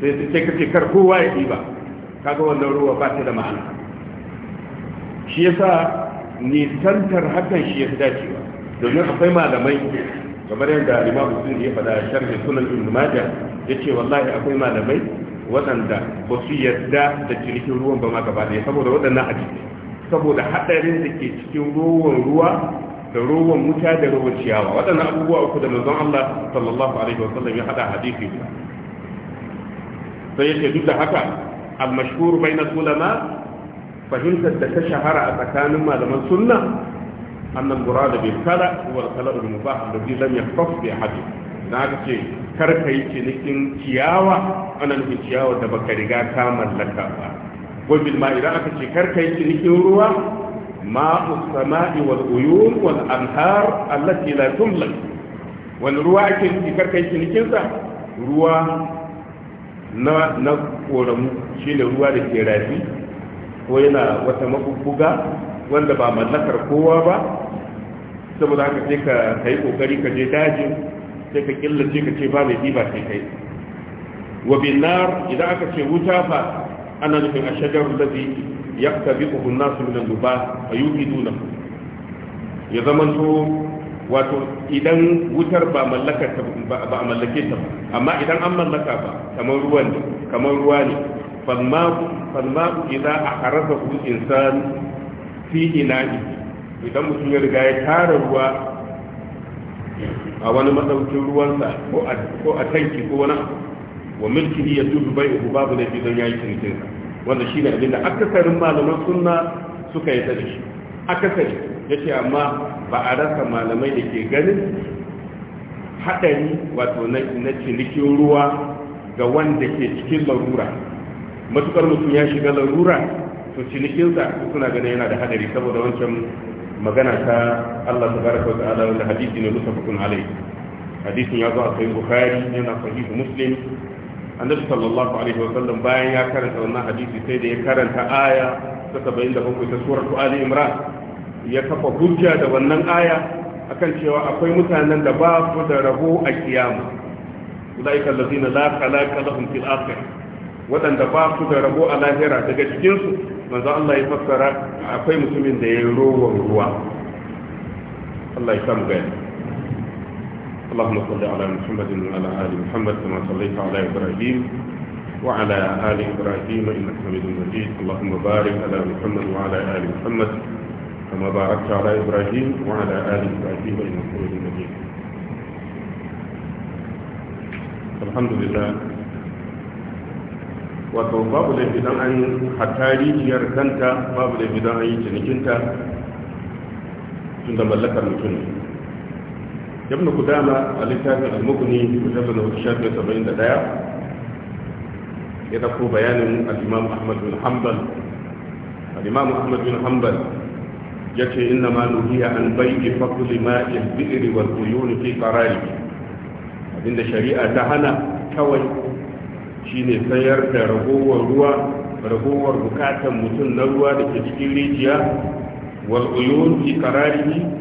Speaker 1: ce sai ta ce kake kar kowa ya ɗiba kaga wannan ruwa ba ta da ma'ana shi yasa nisantar hakan shi ya fi dacewa domin akwai malamai kamar yadda limamu sun ya faɗa sharhi sunan ibn ya ce wallahi akwai malamai waɗanda ba su yarda da cinikin ruwan ba ma gaba ɗaya saboda waɗannan hadisi saboda haɗarin da ke cikin ruwan ruwa da ruwan wuta da ruwan ciyawa waɗannan abubuwa uku da manzon Allah sallallahu alaihi wa sallam ya hada hadisi guda sai yake duk da haka al-mashhur bayna ulama fahimta da ta shahara a tsakanin malaman sunna annan murad bi kala huwa أن al-mubah هو الكلا المباح الذي لم يختص بأحد ذلك karka yi cinikin ciyawa ana nufin ciyawa da baka riga ka mallaka ba gwajin ma idan aka ce karka yi cinikin ruwa ma'u sama'i wal uyun wal anhar allati la tumla wani ruwa ake cikar kai cinikinsa ruwa na na shine ruwa da ke rafi ko yana wata mabubbuga wanda ba mallakar kowa ba saboda haka sai ka kai kokari ka je dajin sai ka killace ka ce ba mai diba sai kai wa binar idan aka ce wuta fa ana nufin ashadar lazi yaktabiquhu an-nasu min al-lubas fayuhiduna ya to wato idan wutar ba mallaka ba a mallake ta ba amma idan an mallaka ba kamar ruwan ne kamar ruwa ne falma'u idza aharasahu insan fi ina'i idan mutum ya riga ya tara ruwa a wani madaukin ruwansa ko a tanki ko wani wa milkihi ya tudu bai uku babu laifi don yayi cinikinsa wanda shi ne abinda akasarin malaman sunna suka yi tsari. shi akasari ya ce amma ba a rasa malamai da ke ganin haɗari wato na cinikin ruwa ga wanda ke cikin larura matukar mutum ya shiga larura to cinikinsa suna ganin yana da haɗari saboda wancan magana ta Allah tabaraka wa ta'ala wanda hadisi ne musafakun alai hadisin ya zo a sayi bukari yana sahih muslim annabi sallallahu alaihi wa sallam bayan ya karanta wannan hadisi sai da ya karanta aya ta 77 ta suratu ali imran ya kafa hujja da wannan aya akan cewa akwai mutanen da ba su da rabo a kiyama ulaika allazina la khalaqa lahum fil akhir wadanda ba su da rabo a lahira daga cikin su manzo Allah ya fassara akwai mutumin da ya yi rowan ruwa Allah ya samu gani اللهم صل على محمد وعلى آل محمد كما صليت على إبراهيم وعلى آل إبراهيم إنك حميد مجيد اللهم بارك على محمد وعلى آل محمد كما باركت على إبراهيم وعلى آل إبراهيم إنك حميد مجيد الحمد لله wato babu laifi don an hatta rijiyar kanta babu laifi don an yi cinikinta tun da mallakar mutum ne ibn kudama a littafin al-mughni mujallad na shafin saba'in da daya ya dauko bayanin al-imam ahmad bin hanbal al-imam ahmad bin hanbal yace inna ma nuhiya an bai'i faqli ma'il bi'r wal uyun fi qarari abinda shari'a ta hana kawai shine sayar da ragowar ruwa ragowar bukatan mutum na ruwa da ke cikin rijiya wal uyun fi qararihi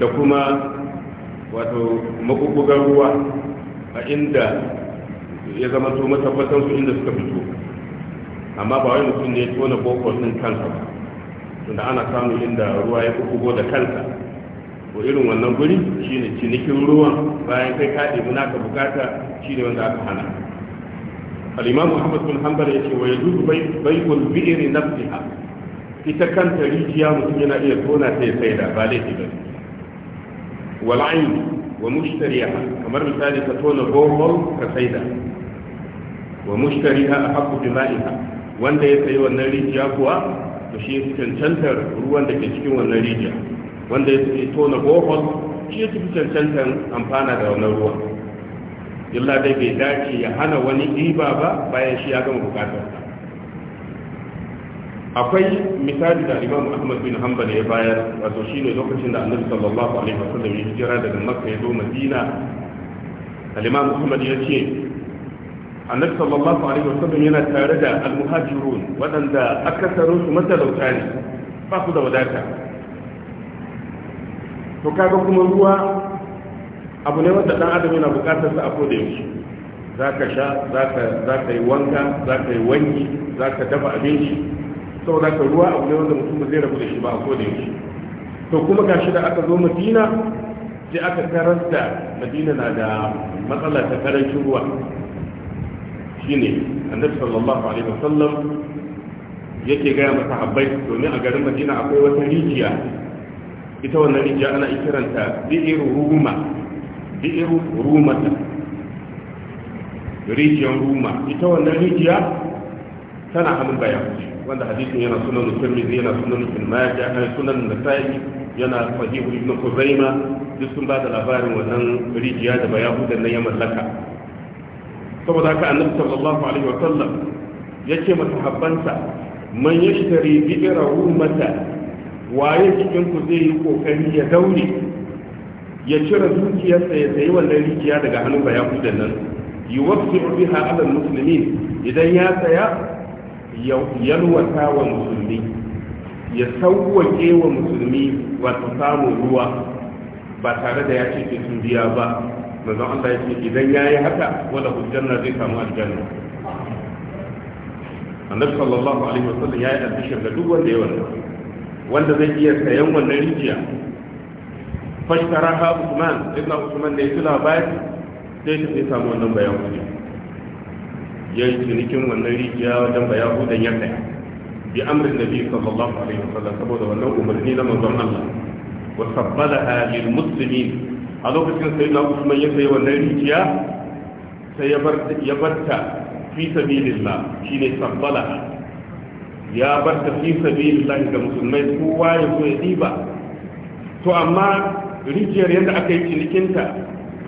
Speaker 1: da kuma wato makubugan ruwa a inda ya zama su matabbatan su inda suka fito amma ba wai mutum ne tona bokon din kansa ba tunda ana samun inda ruwa ya kubugo da kansa ko irin wannan guri shine cinikin ruwan bayan kai ka ɗebi naka bukata shine wanda aka hana al Ahmad bin Hanbal ce wa bai kun bi'iri nafsiha ita kanta rijiya mutum yana iya tona ta ya saida ba laifi ba Wal'ayin wa mushtariha kamar misali ka tona bohol ka saida wa mushtariha a haku bima'iha wanda ya sayi wannan rijiya kuwa to shi ya cancantar ruwan da ke cikin wannan rijiya wanda ya sayi tona bohol shi ya fi cancantar amfana da wannan ruwan illa dai bai dace ya hana wani riba ba bayan shi ya gama bukatarsa akwai misali da imam ahmad bin hanbal ya bayar wato shine lokacin da annabi sallallahu alaihi wasallam ya hijira daga makka ya zo madina al-imam ahmad ya ce annabi sallallahu alaihi wasallam yana tare da al-muhajirun wadanda akasarin su matalauta ne ba su da wadata to kaga kuma ruwa abu ne wanda dan adam yana bukatar sa a koda yaushe zaka sha zaka zaka yi wanka zaka yi wanki zaka dafa abinci saboda ka ruwa abu ne wanda mutum zai rabu da shi ba a ko da yaushe to kuma gashi da aka zo madina sai aka tarar da madina na da matsala ta karancin ruwa shine annabi sallallahu alaihi wasallam yake gaya masa habbai domin a garin madina akwai wata rijiya ita wannan rijiya ana kiranta bi'iru ruma bi'iru ruma rijiyar ruma ita wannan rijiya tana hannun bayan wanda hadisin yana sunan tirmidhi yana sunan ibn majah ai sunan nasa'i yana sahih ibn khuzaima duk sun bada labarin wannan rijiya da bayahudan nan ya mallaka saboda haka annabi sallallahu alaihi wa sallam yace masahabbansa man yashtari bi'ra rumata waye cikin ku zai yi kokari ya daure ya cire dukiyarsa ya sayi wannan rijiya daga hannun bayahudan nan yuwaffi'u biha ala muslimin idan ya saya yalwata wa musulmi ya sauwake wa musulmi ta samun ruwa ba tare da ya ce sun biya ba mazan Allah ya ce idan ya yi haka wadda hujjanna zai samu aljanna annabi sallallahu alaihi wasallam ya yi albishir da duk wanda ya wannan wanda zai iya sayan wannan rijiya ha usman ibn usman ne ya ci labari sai ta samu wannan bayan kuɗi ya yi cinikin wannan rijiya wajen ba yahudan ya kai bi amrin nabi sallallahu alaihi wasallam saboda wannan umarni na manzon Allah wa sabbalaha lil muslimin a lokacin sai na usman ya kai wannan rijiya sai ya barta fi sabilillah shine sabbalaha ya barta fi sabilillah ga musulmai kowa ya so ya diba to amma rijiyar yadda aka yi cinikinta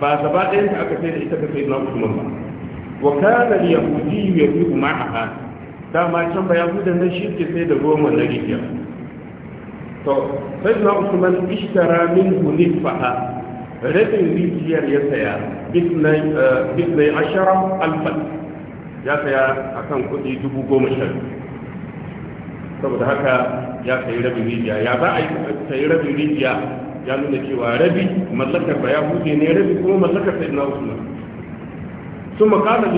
Speaker 1: ba gaba ɗayanta aka sai da ita ka sai na usman ba wa kana al-yahudi yafiqu ma'aha dama can ba yahudan nan shi ke sai da goma na rijiya to sai na usman ishtara minhu nisfaha rabin rijiyar ya saya bisnai eh, ashara alfan ya saya akan kuɗi dubu goma sha saboda haka ya sayi rabin rijiya ya ba a yi sayi rabin rijiya ya nuna cewa rabi mallakar ba ya hude ne rabi kuma mallakar sai na usman sun makalar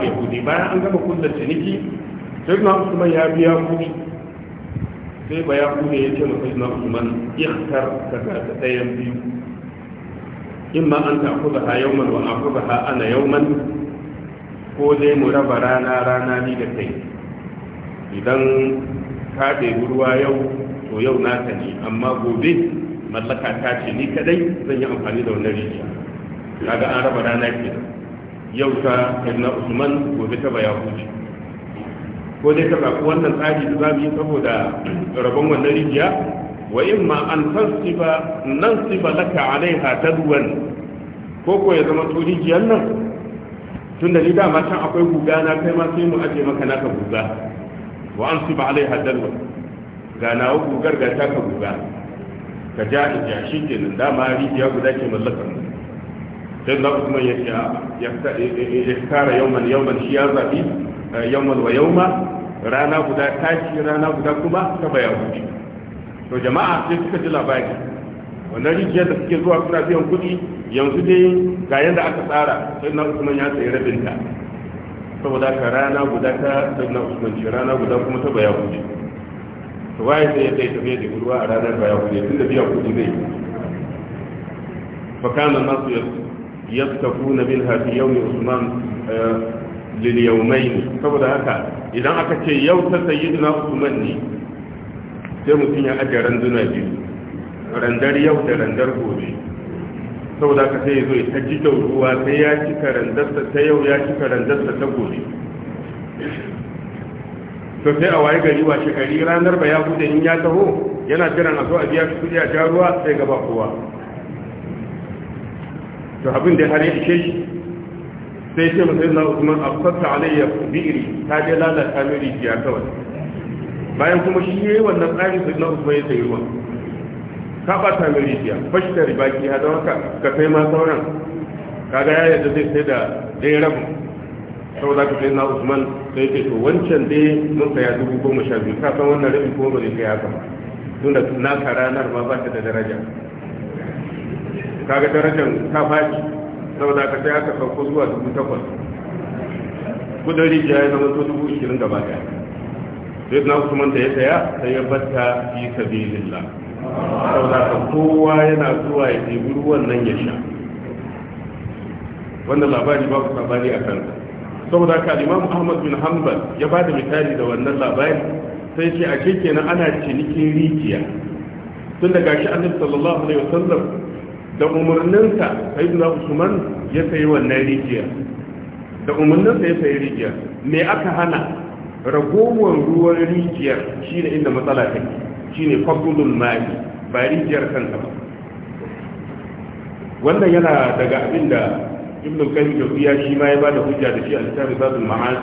Speaker 1: yahudi bayan an gama kullar ciniki sai na usman ya biya kudi sai ba ya kudi ya ce na sai usman ikhtar ka ta ɗayan biyu in ma an taku da ha man wa aku da ha ana yau man ko dai mu raba rana rana ni da kai idan ka ruwa yau to yau ta ne amma gobe mallaka ta ce ni kaɗai, zan yi amfani da wani rijiya kaga an raba rana kenan yau ta ibna usman gobe ta bayahuci ko dai ta zaɓi wannan tsari da za mu yi saboda rabon wannan rijiya wa in ma an tansiba nan siba laka alaiha tadwan ko ko ya zama to rijiyar nan tun da ni dama can akwai guga na kai ma sai mu aje maka naka guga wa an siba alaiha tadwan ga nawa gugar ga ka guga ka ja ija shi nan. dama rijiya guda ke mallakar mu sai na kuma ya kara yauman yauman shi ya zaɓi eh, yauman wa yauma rana guda tashi rana guda kuma ta baya hudu to jama'a sai suka ji labari wannan rijiya da suke zuwa suna biyan kuɗi yanzu dai ga yadda aka tsara sai na usman ya tsaye rabinta saboda ka rana guda ta sai na usman ce rana guda kuma ta baya hudu to waye sai ya tsaye tafiye da ruwa a ranar baya hudu tun da biyan kuɗi zai yi fa nasu yanzu yaftafuna minha fi yawmi usman eh, lil yawmayn saboda haka idan aka ce yau ta sayyidina usman ne sai mutum ya ajiye randuna biyu randar yau da randar gobe saboda haka sai ya zo ta ji ruwa sai ya cika randarsa ta yau ya cika randarsa ta gobe to sai a waye gari washe gari ranar ba ya bude in ya taho yana jiran a zo a biya shi kudi a jaruwa sai gaba kowa to abin da har ya ishe shi sai ce masai na usman a kusurta alayya bi'iri ta je lalata mai biya kawai bayan kuma shi ne wannan tsarin sai na usman ya sayi ruwa ka bata mai biya fashi da ribaki ha don haka ka sai ma sauran kaga ya yadda zai sai da dai rabu sau za ka sai na usman sai ce to wancan dai mun saya dubu goma sha biyu ka san wannan rabin kuma ba zai kai haka ba tunda naka ranar ma ba ta da daraja kaga darajar ta faɗi saboda ka sai aka sauko zuwa dubu takwas kudin rijiya ya zama dubu ishirin gaba ɗaya sai na kusa da ya saya sai ya batta fi lilla saboda ka kowa yana zuwa ya ɗebi ruwan nan ya sha wannan labari ku sabani a kansa saboda ka imam ahmad bin hanbal ya ba da misali da wannan labari sai ce a kenan ana cinikin rijiya tun da gashi annabi sallallahu alaihi wasallam da umarninsa sai na usman ya sayi wannan rijiya da umarninsa ya sayi rijiya me aka hana ragowar ruwan rijiyar shine inda matsala take shine fagudun mali ba rijiyar kanta ba wannan yana daga abin da ibn da kuya shi ma ya bada hujja da shi a littafin zadul ma'ad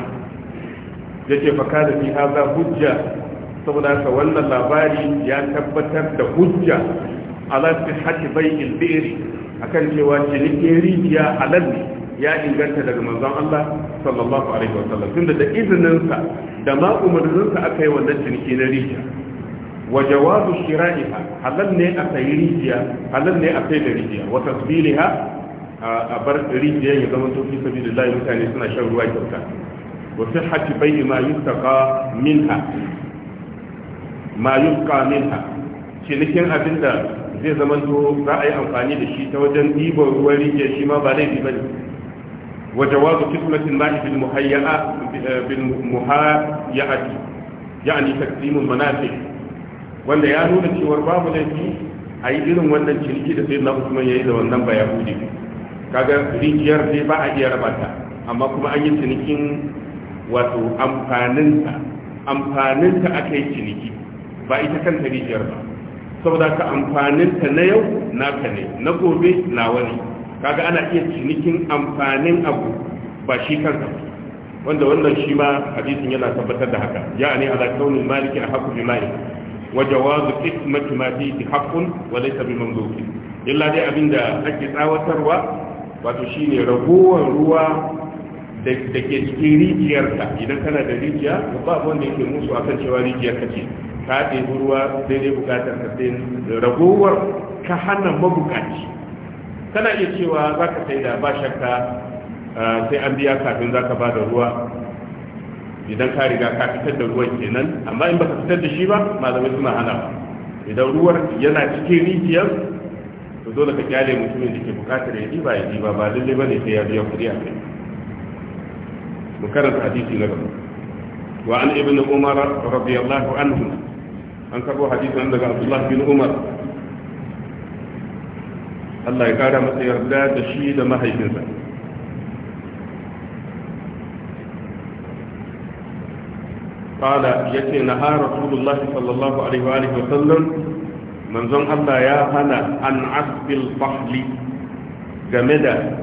Speaker 1: yace fa da fi hadha hujja saboda wannan labari ya tabbatar da hujja ala sihhati bai'il a kan cewa ciniki rijiya halal ne ya inganta daga manzon Allah sallallahu alaihi wasallam tunda da izinin da ma umarnin sa akai wannan ciniki na rijiya wa jawazu shira'iha halal ne a sayi rijiya halal ne a sai da rijiya wa tasbiliha a bar rijiya ya zama to fi mutane suna shan ruwa kyauta wa sihhati bai'i ma yustaqa minha ma yusqa minha cinikin abinda zai zama to za a yi amfani da shi ta wajen ɗiban ruwan rijiya shi ma ba laifi ba ne wa jawazu kismatin ma'i bil muhayya'a bil muhayya'ati ya'ani taqsimul manafi wanda ya nuna cewa babu laifi a yi irin wannan ciniki da sai sayyidina Usman yi da wannan bayahudi kaga rijiyar dai ba a iya raba ta amma kuma an yi cinikin wato amfaninta amfaninta aka yi ciniki ba ita kanta rijiyar ba saboda ka amfanin ta na yau naka ne na gobe nawa ne kaga ana iya cinikin amfanin abu ba shi kanka wanda wannan shi ma hadisin yana tabbatar da haka ya'ani ala kaunin maliki a haku jima'i wa jawazu qismati ma da haqqun wa laysa bi mamluki illa dai abinda ake tsawatarwa wato shine ragowar ruwa da ke cikin rijiyarka idan kana da rijiya ba wanda yake musu akan cewa rijiyar kace ka ɗebi ruwa daidai bukatar ka sai ragowar ka hana mabukaci kana iya cewa za ka sai da ba shakka sai an biya kafin za ka ba da ruwa idan ka riga ka fitar da ruwan kenan amma in baka fitar da shi ba malamai suna hana idan ruwar yana cikin rijiyar to dole ka kyale mutumin da ke bukatar ya ɗiba ya ɗiba ba lallai ba ne sai ya biya kuɗi a kai mu karanta hadisi na gaba وعن ابن عمر رضي الله an karbo hadisan daga Abdullahi bin umar Allah ya kara masa yarda da shi da mahaifinsa Fada ya ce na naha rasulullah sallallahu alaihi wa alihi wa sallam manzon Allah ya hana an asbil fahli game da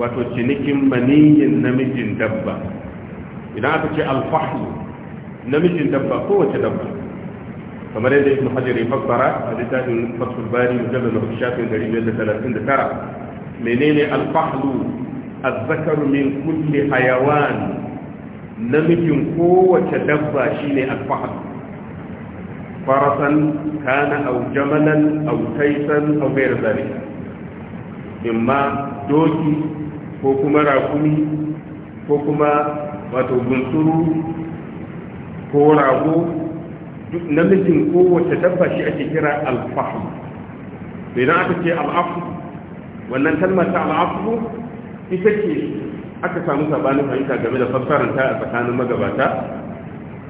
Speaker 1: wato cinikin maniyin namijin dabba idan aka ce alfahlu namijin dabba kowace dabba kamar yadda ibn hajar ya fassara a littafin fasul bari mujallal na shafin 539 menene alfahlu zakaru min kulli hayawan namijin kowace dabba shine alfahlu farasan kana au jamalan au taisan au bayar zari imma doki ko kuma rakumi ko kuma wato bunsuru ko rago duk namijin kowace dabba shi ake kira alfahm to idan aka ce al'afu wannan kalmar ta al'afu ita ce aka samu sabanin fahimta game da fassarar ta a tsakanin magabata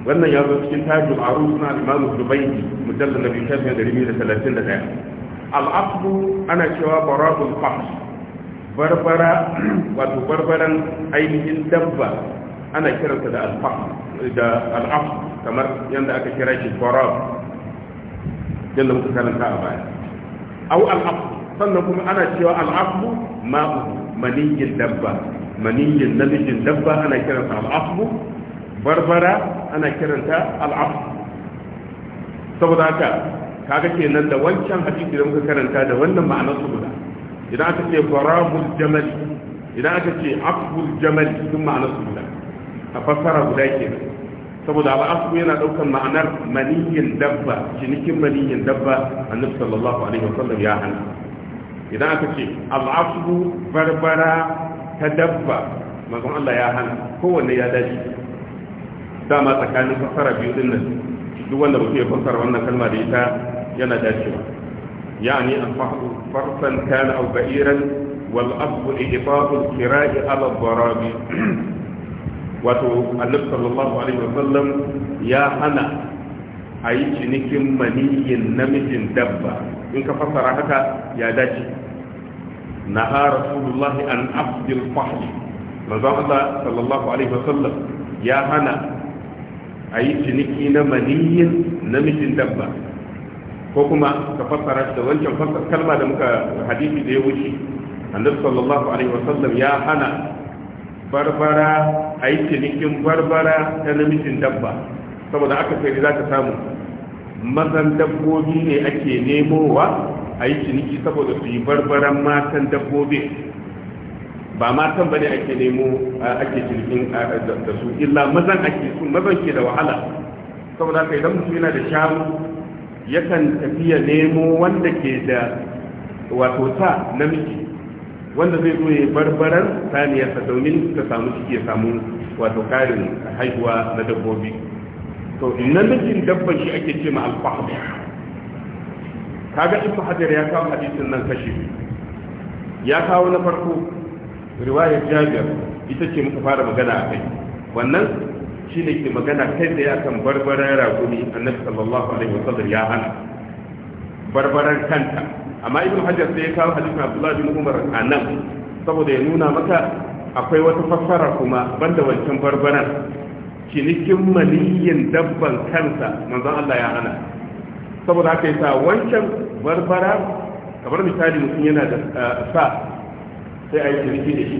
Speaker 1: wannan ya zo cikin tajul arus na al-imam dubaidi mujallal nabi shafi 131 al'afu ana cewa barabul fahm barbara wato barbaran ainihin dabba ana kiranta da alfahm da al'af kamar yadda aka kira shi farab yadda muka karanta a baya au al'af sannan kuma ana cewa al'afu ma maniyin dabba maniyin namijin dabba ana kiranta al'afu barbara ana kiranta al'afu saboda haka kaga kenan da wancan hadisi da muka karanta da wannan ma'ana su guda idan aka ce farabul jamal idan aka ce afbul jamal sun ma'anar su guda a fassara guda kenan saboda al'asu yana daukan ma'anar maniyin dabba cinikin maniyin dabba annabi sallallahu alaihi wasallam ya hana idan aka ce al'asu barbara ta dabba mazan Allah ya hana kowanne ya dace dama tsakanin fassara biyu din nan duk wanda mutum ya fassara wannan kalma da ita yana dacewa يعني الفحل فرسا كان أو بئيرا والأصل إعطاء الكراء على الضراب wato annabi sallallahu alaihi wasallam ya hana a yi cinikin maniyin namijin dabba in ka fassara haka ya dace na ha rasulullahi an abdil fahli manzon Allah sallallahu alaihi wasallam ya hana a yi ciniki na maniyin namijin dabba ko kuma ka fassara da wancan kalma da muka hadisi da ya wuce annabi sallallahu alaihi wasallam ya hana barbara a yi cinikin barbara ta namijin dabba saboda aka sai za ka samu mazan dabbobi ne ake nemowa a yi ciniki saboda su yi barbaran matan dabbobin ba matan ba ne ake nemo ake cinikin da su illa mazan ake su mazan ke da wahala saboda yi idan mutum yana da shanu yakan tafiya nemo wanda ke da wato sa namiji wanda zai zo ya barbaran saniyarsa domin ta samu ciki ya samu wato karin haihuwa na dabbobi to jin dabban shi ake ce ma alfahar kaga ibnu hajar ya kawo hadisin nan kashi ya kawo na farko riwayar jabir ita ce muka fara magana a kai wannan shi ne ke magana kai da ya kan barbarar ragumi annabi sallallahu alaihi wasallam ya hana barbaran kanta amma ibn hajar sai ya kawo hadisin abdullahi bin umar a nan saboda ya nuna maka akwai wata fassara kuma banda wancan barbaran cinikin maniyin dabban kansa manzon Allah ya hana saboda haka yasa wancan barbara kamar misali mutum yana da eh, sa sai a yi ciniki da shi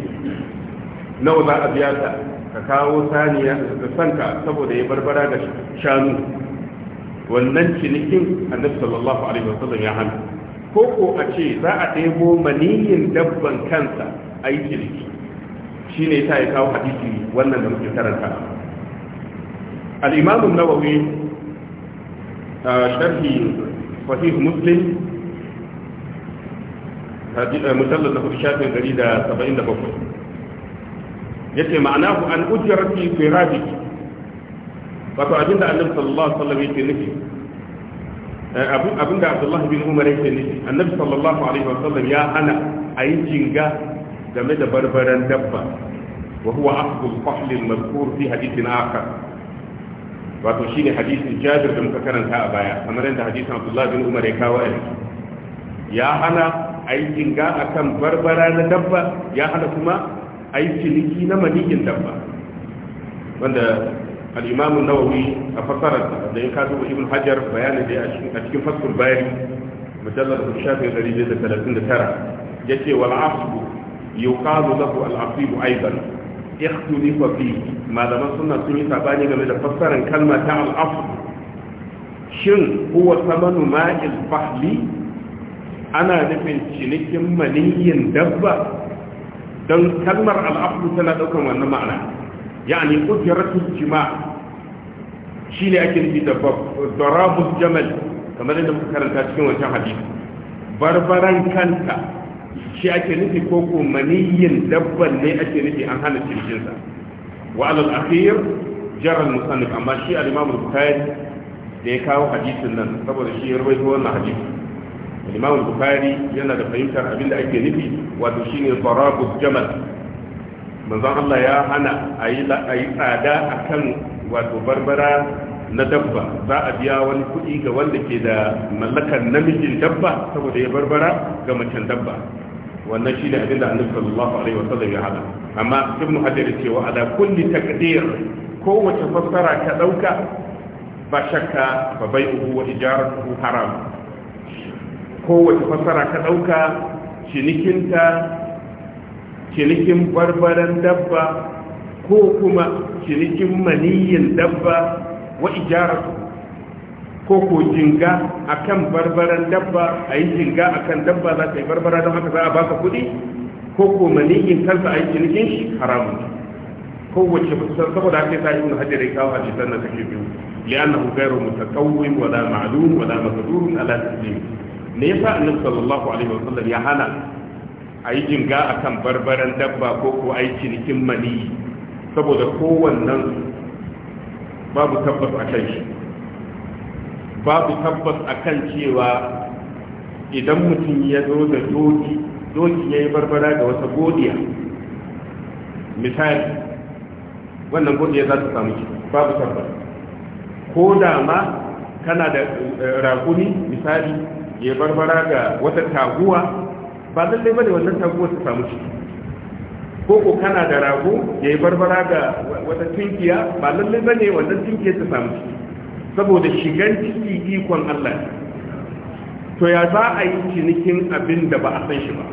Speaker 1: nawa za a biya ta ka kawo saniya da sanka saboda ya barbara da shanu wannan cinikin annabi sallallahu alaihi wasallam ya hana Koko a ce za a ɗebo maniyin dabban kansa a yi ciniki shi ne ta yi kawo hadisi wannan da muke karanta al'imamun nawawi sharhi sahih muslim musallar da kudu shafin gari da saba'in da bakwai ya ce ma'ana ku an ujiyar fi firabiki wato abinda annabi sallallahu alaihi wasallam yake nufi Eh, abin da abdullah bin umar yake nufi annabi sallallahu alaihi wasallam ya hana a yi jinga game da barbaran dabba wa huwa akhdhu al-fahl al-madhkur fi hadithin akhar wato shine hadisin jabir da muka karanta a baya kamar yadda hadithin abdullah bin umar ya kawo a ya hana a yi jinga akan barbara na dabba ya hana kuma a yi ciniki na maniyin dabba wanda al-imam an-nawawi a fasarar da ya kasu ibn hajar bayanin da a cikin fasul bayani mujallal shafin 139 yace wal asbu yuqalu lahu al-asib aidan ikhtulifa fi malaman suna sun yi sabani game da fassarar kalma ta al-asb shin huwa samanu ma'il fahli ana nufin cinikin maniyin dabba don kalmar al'abdu tana ɗaukar wannan ma'ana yani ujratul jima shine ake nufi da darabul jamal kamar yadda muka karanta cikin wancan hadisi barbaran kanta shi ake nufi ko ko maniyyin dabban ne ake nufi an hana cikin sa wa alal akhir jar al amma shi al imam bukhari ya kawo hadisin nan saboda shi ya rawaito wannan hadisi al imam bukhari yana da fahimtar abin da ake nufi wato shine darabul jamal manzon Allah ya hana a yi tsada a kan wato barbara na dabba za a biya wani kuɗi ga wanda ke da mallakar namijin dabba saboda ya barbara ga macen dabba wannan shi ne abin da annabi sallallahu alaihi wasallam ya hada amma ibnu hajar ce wa ala kulli taqdir kowace fassara ka dauka ba shakka fa bai'uhu wa ijaratuhu haram kowace fassara ka dauka cinikinta cinikin barbaran dabba ko kuma cinikin maniyin dabba wa ijaratu ko ko jinga akan barbaran dabba a yi jinga akan dabba za ta yi barbara don haka za a baka kuɗi ko ko maniyin kansa a yi cinikin shi haramun kowace musamman saboda ake sa ibn hajar ya kawo hadisan na take biyu li'annahu ghayru mutaqawwim wala ma'lum wala maqdur ala taslim ne ya yasa annabi sallallahu alaihi wa sallam ya hana a yi jinga a kan barbaran dabba ko ko a yi cinikin mani saboda kowannan babu tabbas a kan shi babu tabbas a kan cewa idan mutum ya zo da doki doki ya yi barbara da wata godiya misali wannan godiya za ta samu babu tabbas ko da ma kana da eh, rakuni misali ya barbara ga wata taguwa ba lallai bane wannan taguwar ta samu ciki ko ko kana da rago ya yi barbara ga wata tunkiya ba lallai bane wannan tunkiya ta samu ciki saboda shigan ciki ikon Allah to ya za a yi cinikin abin da ba a san shi ba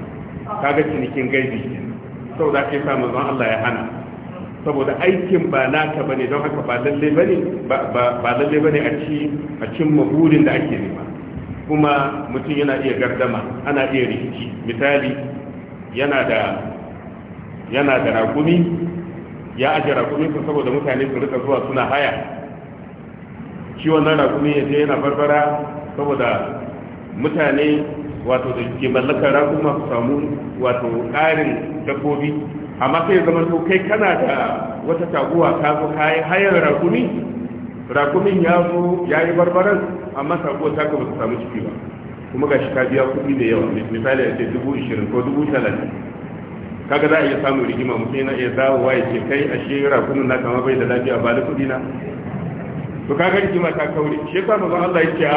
Speaker 1: kaga cinikin gaibi saboda kai sa manzon Allah ya hana saboda aikin ba naka bane don haka ba lalle bane ba lalle bane a ci a cin maburin da ake nema kuma mutum yana iya gardama ana iya rikici misali yana da yana da rakumi ya aje rakuminsa saboda mutane su rika zuwa suna haya shi wannan rakumi ya je yana barbara saboda mutane wato da ke mallakar rakuma su samu wato ƙarin dabbobi amma sai zama to kai kana da wata taguwa ka zo kayan hayar rakumi rakumin ya zo ya yi barbaran amma sako ta ka ba su samu ciki ba kuma ga shi ka biya kuɗi da yawa misali ya ce dubu ishirin ko dubu talatin kaga za a iya samun rigima mutum yana iya dawowa ya ce kai a shi rakumin na kama bai da lafiya ba da kuɗi na to kaga rigima ta kauri. shi yasa manzon Allah ya ce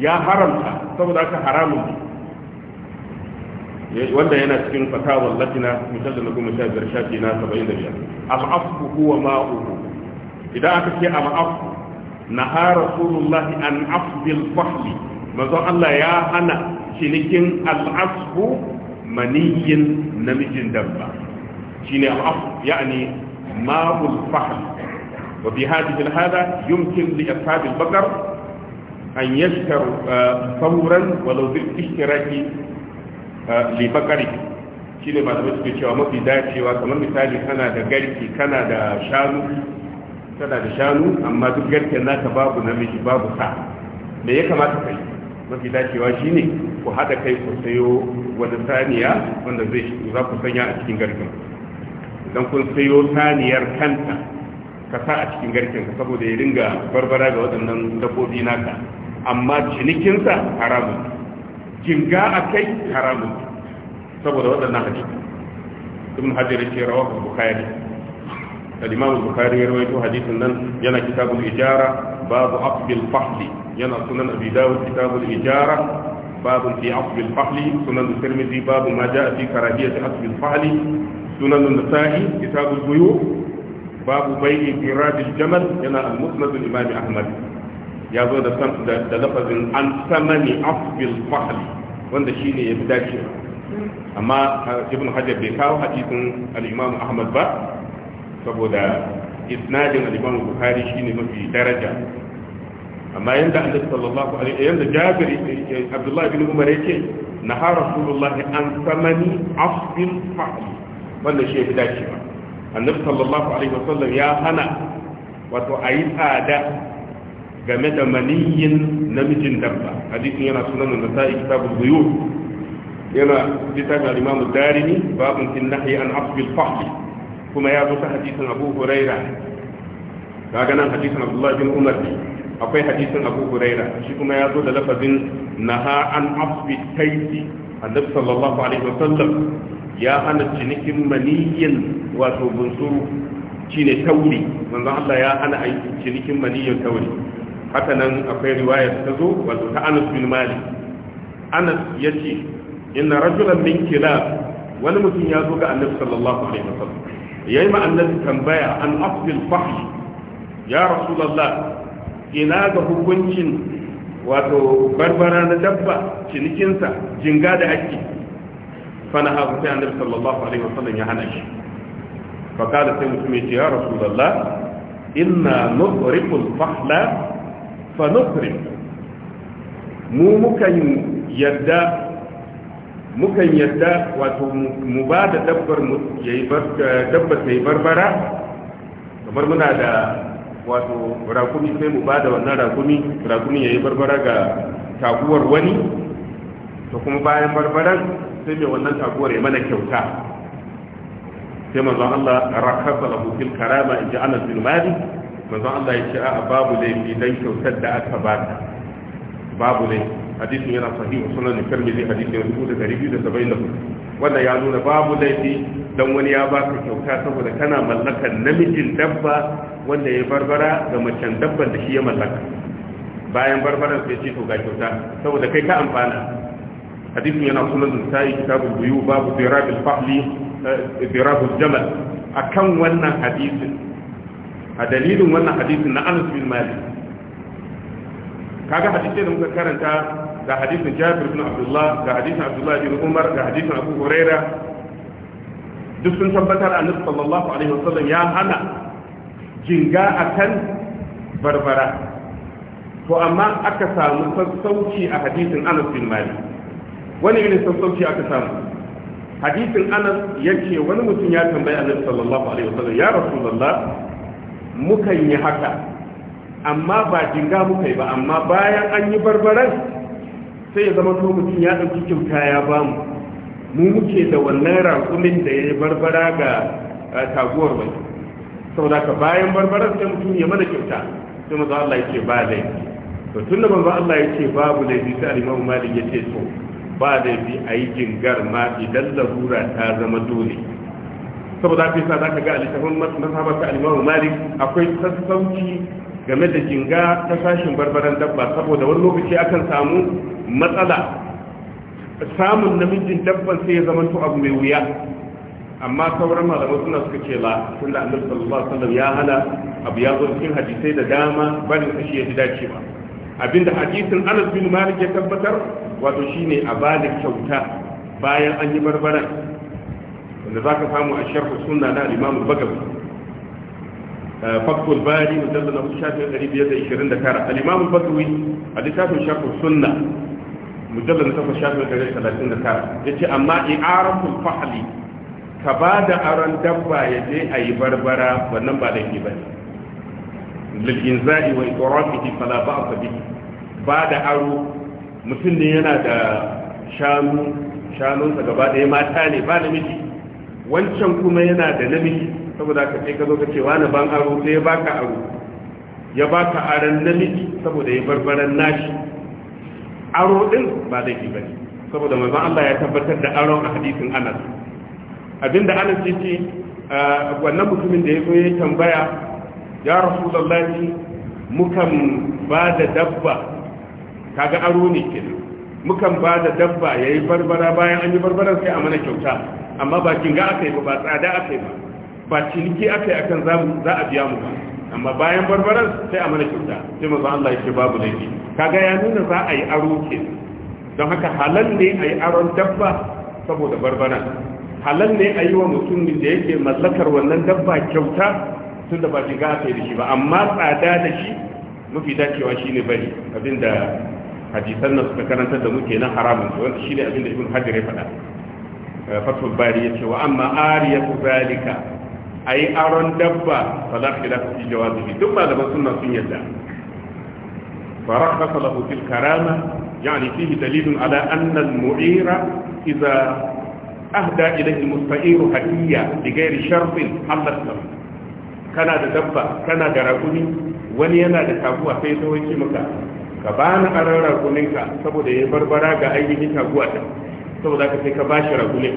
Speaker 1: ya haramta saboda haka haramun wanda yana cikin fatawar latina da na goma sha biyar shafi na saba'in da biyar al'afu huwa ma'uhu idan aka ce a ma'afu na ha rasulullahi an afdil fahli mazan Allah ya hana cinikin al'asbu maniyin namijin dabba shine al'afu ya'ani ma'ul fahli wa bi hadhihi al-hada yumkin li ashab al-baqar an yashtaru uh, fawran walau bil ishtiraki uh, li baqarihi shi ne malamai suke cewa mafi dacewa kamar misali kana da garki kana da shanu kana da shanu amma duk garken naka babu namiji babu sa me ya kamata kai mafi dacewa shine ku hada kai ku sayo wani saniya wanda zai za ku sanya a cikin garken idan kun sayo saniyar kanta ka sa a cikin garken ka saboda ya ringa barbara ga waɗannan dabbobi naka amma cinikinsa haramun jinga a kai haramun saboda waɗannan hajji ibn hajar ya ce rawahu bukhari al-imam bukhari ya rawaito hadisin nan yana kitabul ijara babu aqbil fahli yana sunan abi dawud kitabul ijara باب في عصب الفحل سنن الترمذي باب ما جاء في كراهية عصب الفحل سنن النسائي كتاب البيوع باب بيع فراد الجمل هنا المسند الإمام أحمد يا زود ده لفظ عن ثمن عصب الفحل وند شيني يبدا أما ابن حجر بيكاو حديث الإمام أحمد بقى saboda isnadin al-imam bukhari shine mafi daraja amma yanda annabi sallallahu alaihi yanda jabir abdullah ibn umar yake naha rasulullah an samani asbil fa'l wannan shi ya dace ba annabi sallallahu alaihi wasallam ya hana wato ayi tsada game da maniyin namijin dabba hadisin yana sunan nasa'i kitabul buyut yana kitabul imam darimi babun tin nahyi an asbil fa'l kuma ya zo ta hadisin abu huraira kaga nan hadisin abdullahi bin umar akwai hadisin abu huraira shi kuma ya zo da lafazin naha an asbi taiti annabi sallallahu alaihi wa wasallam ya hana cinikin maniyyin wato bunsuru shine tauri manzon Allah ya hana aikin cinikin maniyyin tauri haka nan akwai riwayar ta zo wato ta Anas bin Mali. Anas ya yace inna rajulan min kilab wani mutum ya zo ga annabi sallallahu alaihi wa wasallam yayi ma annabi tambaya an afdil fahim ya rasulullah ina ga hukuncin wato barbara na dabba cinikinsa jinga da ake fana haku sai annabi sallallahu alaihi wasallam ya hana shi fa kada sai mutum ya ce ya rasulullah inna nuqriqul fahla fa nuqriq mu mukan yadda mukan yadda wato mu ba da dabbar mu eh, dabbar ta yi barbara kamar muna da wato rakumi sai mu ba da wannan rakumi rakumi ya yi barbara ga taguwar wani to kuma bayan barbaran sai mai wannan taguwar ya mana kyauta sai manzo Allah rakasa lahu fil karama in ji Anas mali manzo Allah ya ce a babu laifi dan kyautar da aka ba babu laifi hadisin yana sahihu sunan ko da tirmidhi hadisin 2274 wanda ya nuna babu laifi dan wani ya baka kyauta saboda kana mallakan namijin dabba wanda ya barbara ga macen dabban da shi ya mallaka bayan barbaran sai ce to ga kyauta saboda kai ka amfana hadisin yana sunan sai kitabul buyu babu dirabil fahli eh, dirabul jamal akan wannan hadisin a dalilin wannan hadisin na Anas bin Malik kaga hadisi da muka karanta ga hadisin jabir ibn abdullah ga hadisin abdullah ibn umar ga hadisin abu huraira duk sun tabbatar a nufin sallallahu alaihi wasallam ya hana jinga akan barbara to amma aka samu sassauci a hadisin anas bin Mali. wani irin sassauci aka samu hadisin anas yake wani mutum ya tambayi a nufin sallallahu alaihi wasallam ya rasulallah, mukan yi haka amma ba jinga muka yi ba amma bayan an yi barbaran sai ya zama to mutum ya ɗauki kyauta ya bamu mu muke da wannan raƙumin da ya barbara ga taguwar mai saboda ka bayan barbarar sai mutum ya mana kyauta sai manzo Allah ya ce ba laifi to tun da manzo Allah ya ce babu laifi sai al-Imam Malik ya ce to ba laifi a yi jingar ma idan larura ta zama dole saboda sa za ka ga a littafin masu al-Imam Malik akwai sassauci game da jinga ta sashin barbaran dabba saboda wani lokaci akan samu matsala samun namijin dabban sai ya zama to abu mai wuya amma sauran malamai suna suka ce la tunda annabi sallallahu alaihi wasallam ya hana abu ya zo cikin hadisai da dama barin sa shi ya ji dacewa abinda hadisin Anas bin Malik ya tabbatar wato shine a bada kyauta bayan an yi barbara wanda zaka samu a sharh sunna na Imam Bukhari fatul bari mujallal na shafin 529 al-imam al-batawi a littafin shafin sunna mujallal na takwas shafin 139 yace amma i'aratul fahli ka ba da aron dabba ya je a yi barbara wannan ba da ke bane lil inzai wa iqrafihi fala ba'sa bihi ba da aro mutum ne yana da shanu shanunsa gaba ɗaya mata ne ba namiji wancan kuma yana da namiji saboda ka ce ka zo ka ce wani ban aro sai ya baka aro ya baka aron namiji saboda ya barbaran nashi aro din ba da ba ne saboda manzon Allah ya tabbatar da aron a hadisin Anas abinda Anas ya ce ah, wannan mutumin da ya zo ya tambaya ya rasulullahi mukan ba da dabba kaga aro ne kenan mukan ba da dabba yayi barbara bayan an yi barbaran sai a mana kyauta amma ba ga aka yi ba ba tsada aka yi ba ba ciniki aka yi akan za a biya mu ba amma bayan barbaran sai a mana kyauta sai mazan Allah yake babu laifi kaga ya nuna za a yi aro ke don haka halal ne a yi aron dabba saboda barbaran halal ne a yi wa mutumin da yake mallakar wannan dabba kyauta tun da ba shiga aka yi da shi ba amma tsada da shi mafi dacewa shine bari abinda hadisan nan suka karanta da muke nan haramun wanda shine abinda ibn hajar ya faɗa eh, fatul bari yace wa amma ariyatu zalika a yi aron dabba ba za ka dafa fi jawa zubi duk malaman suna sun yadda fara kasa lahu fil karama yani fihi dalilun ala anna al mu'ira idza ahda ilayhi musta'iru hadiyya bi ghairi sharfin Allah ta'ala kana da dabba kana da raguni wani yana da kaguwa sai zo yake maka ka bani aran ragunin ka saboda ya barbara ga ayyukan kaguwa saboda ka sai ka bashi ragunin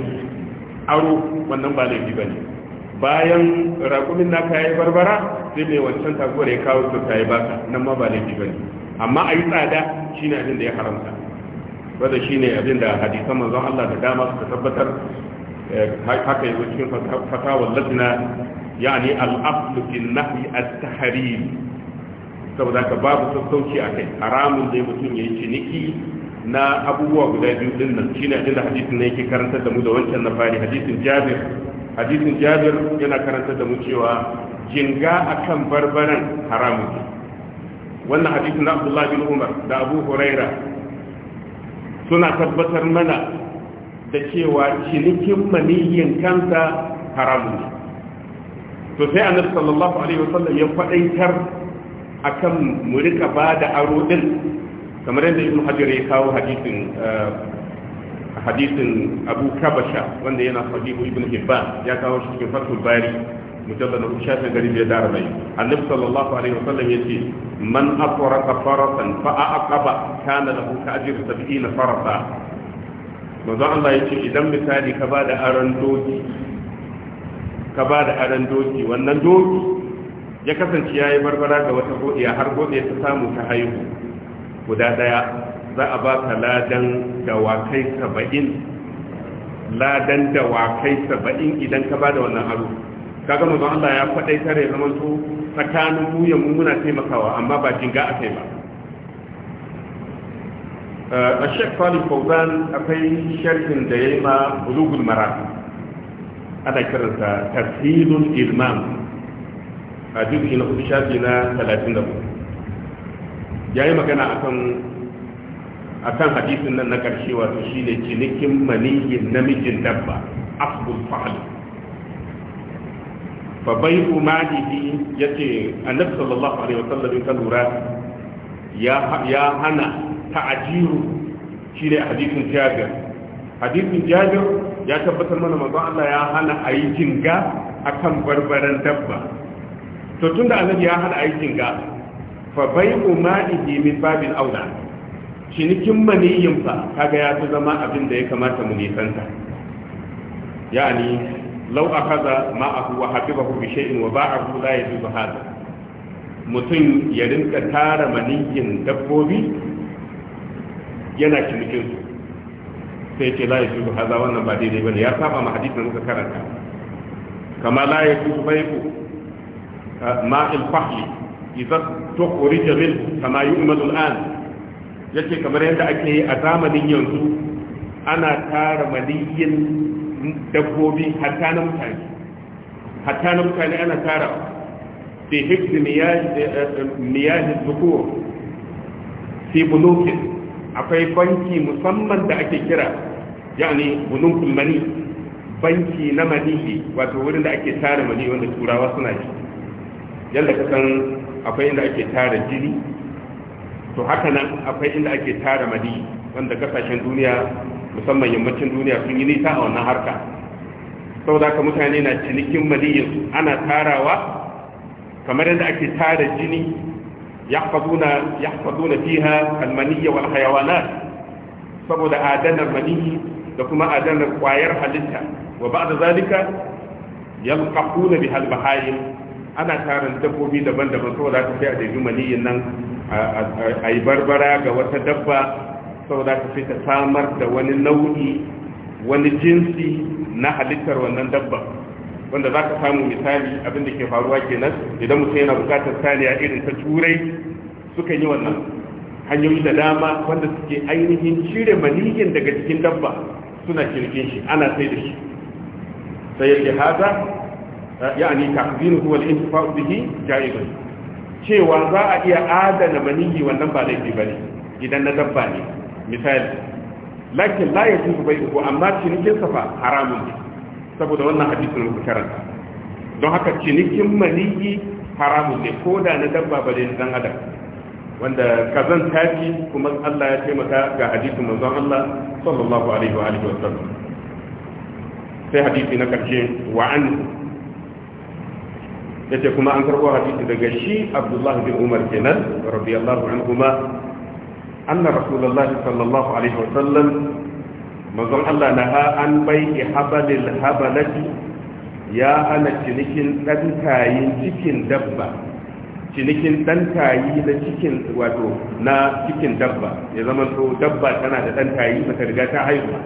Speaker 1: aro wannan ba laifi bane bayan raƙumin na ka yi barbara sai mai wancan taguwar ya kawo su ta yi baka nan ma ba laifi ba ne amma a yi tsada shi ne abin da ya haramta wadda shi ne abin da hadisan manzon Allah da dama suka tabbatar eh, haka yi cikin fatawar latina yani al'aflu fil nahyi at-tahrim saboda ka babu sassauci a kai haramun da mutum ya yi ciniki na abubuwa guda biyu din nan shine abin da hadisin ne yake karantar da mu da wancan na fari hadisin Jabir hadisin jabir yana karanta da mu cewa jinga akan barbaran haramun wannan hadisin na abdullahi bin umar da abu huraira suna tabbatar mana da cewa cinikin maniyyin kanta haramun to sai annab sallallahu alaihi wasallam ya faɗaitar akan mu rika ba da aro din kamar yadda ibnu hajar ya kawo hadisin eh, hadisin abu kabasha wanda yana sahihu ibn hibban ya kawo shi cikin fatul bari mujallad na shafin gari biyar da arba'in annabi sallallahu alaihi wasallam ya ce man aswaraka farasan fa aqaba kana lahu ka ajr 70 farasa manzo Allah ya ce idan misali ka bada aran doki ka bada aran doki wannan doki ya kasance yayi barbara ga wata godiya har godiya ta samu ta haihu guda daya za a ba ka ladan dawakai saba'in ladan dawakai saba'in idan ka ba da wannan ka gama ba Allah ya faɗai tare zaman su tsakanin muyan mummuna muna taimakawa amma ba jinga uh, a kai ba a shek falin fauzan akwai sharhin da ya yi ma bulugul mara ana kiransa Tafilun ilmam a jirgin na hudu shafi na 34 ya yi magana akan akan hadisin nan na karshe wato ne cinikin maniyin namijin dabba Asbun fahl fa bai'u malihi yace annabi sallallahu alaihi wasallam ta lura ya ya hana ta'jiru shine hadisin jabir hadisin jabir ya tabbatar mana manzo Allah ya hana ayi jinga akan barbaran dabba to tunda annabi ya hana ayi jinga fa bai'u malihi min babil aula cinikin maniyin fa kaga ya fi zama abin da ya kamata mu nisanta yani law ma ma'ahu wa habibahu bi shay'in wa ba'ahu la yajuzu hada mutum ya rinka tara maniyin dabbobi yana cinikin su sai ce la yajuzu hada wannan ba daidai bane ya saba ma hadisi da muka karanta kama la yajuzu baiku eh, ma'il fahli idza tukhrija minhu kama yu'madu al'an yace kamar yadda ake yi a zamanin yanzu ana tara maniyin dabbobi hatta na mutane hatta na mutane ana tara fi hifzi miyahin zukur eh, eh, fi bunukin akwai banki musamman da ake kira yani bunukul mani banki na maniyi wato wurin da ake tara mani wanda turawa suna yi yadda ka san akwai inda ake tara jini to haka nan akwai inda ake tara madi wanda kasashen duniya musamman yammacin duniya sun yi nisa a wannan harka da, haka mutane na cinikin madiyin ana tarawa kamar yadda ake tara jini faɗo na fiha almaniyya wal hayawanat saboda adanar maniyi da kuma adanar kwayar halitta wa ba'da zalika yalqahuna bihal bahayin. ana tarin dabbobi daban-daban saboda ka fi a ɗabi maniyin nan a yi barbara ga wata dabba saboda ka fi ta samar da wani nau'i wani jinsi na halittar wannan dabba wanda za ka samu misali abin da ke faruwa kenan idan mutum yana bukatar saniya irin ta turai suka yi wannan hanyoyi da dama wanda suke ainihin cire maniyin daga cikin dabba suna kirkin shi ana sai da shi sai yake haza yani takdiruhu wal intifa' bihi jayyidun cewa za a iya adana maniyi wannan ba laifi bane idan na dabba ne misali lakin la bai bai'uhu amma cinikin safa haramun ne saboda wannan hadisin da karanta don haka cinikin maniyi haramun ne ko da na dabba ba ne dan adam wanda kazan tafi kuma Allah ya taimaka ga hadisin manzon Allah sallallahu alaihi wa alihi wa sallam sai hadisi na karshe wa an yace kuma an karbo hadisi daga shi Abdullah bin Umar kenan radiyallahu anhuma anna Rasulullah sallallahu alaihi wa wasallam mazan Allah na ha an bai habalil habalati ya ana cinikin dan kayin cikin dabba cinikin dan kayi na cikin wato na cikin dabba ya zama to dabba tana da dan kayi bata riga ta haihuwa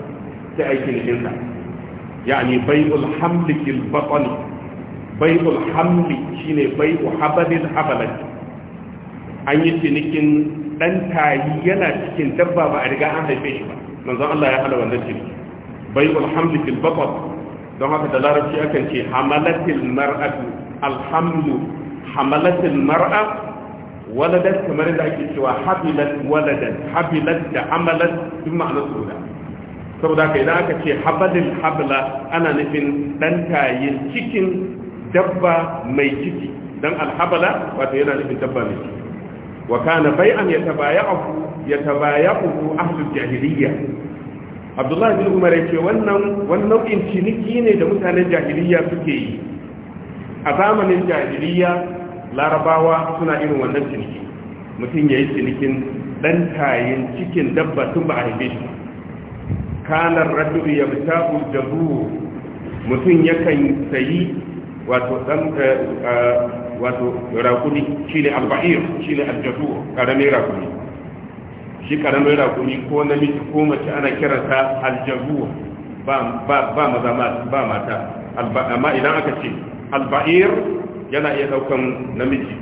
Speaker 1: sai aikin jinsa yani bai'ul hamlikil batani bai'ul hamli shine bai'u habalin habalan an yi cinikin dan tayi yana cikin dabba ba a riga an haife shi ba manzon Allah ya hana wannan ciniki bai'ul hamli fil baqar don haka da larabci akan ce hamalatil mar'atu alhamlu hamalatil mar'a waladat kamar da ake cewa habilat waladat habilat da amalat duk ma'ana su saboda haka idan aka ce habalil habla ana nufin dan tayin cikin dabba mai ciki dan alhabala wato yana nufin dabba mai ciki wa kana bai'an yatabaya'u yatabaya'u ahli jahiliyya Abdullah bin Umar yace wannan wannan nau'in ciniki ne da mutanen jahiliyya suke yi a zamanin jahiliyya larabawa suna irin wannan ciniki mutum yayi cinikin dan tayin cikin dabba tun ba a haife shi kana rajulu yabta'u jabu mutum yakan sayi wato dan eh, eh, wato rakuni ne alba'ir shi ne aljatu karamin rakuni shi karamin rakuni ko namiji ko mace ana kiranta aljabu ba ba maza ba mata amma idan aka ce alba'ir yana iya daukan namiji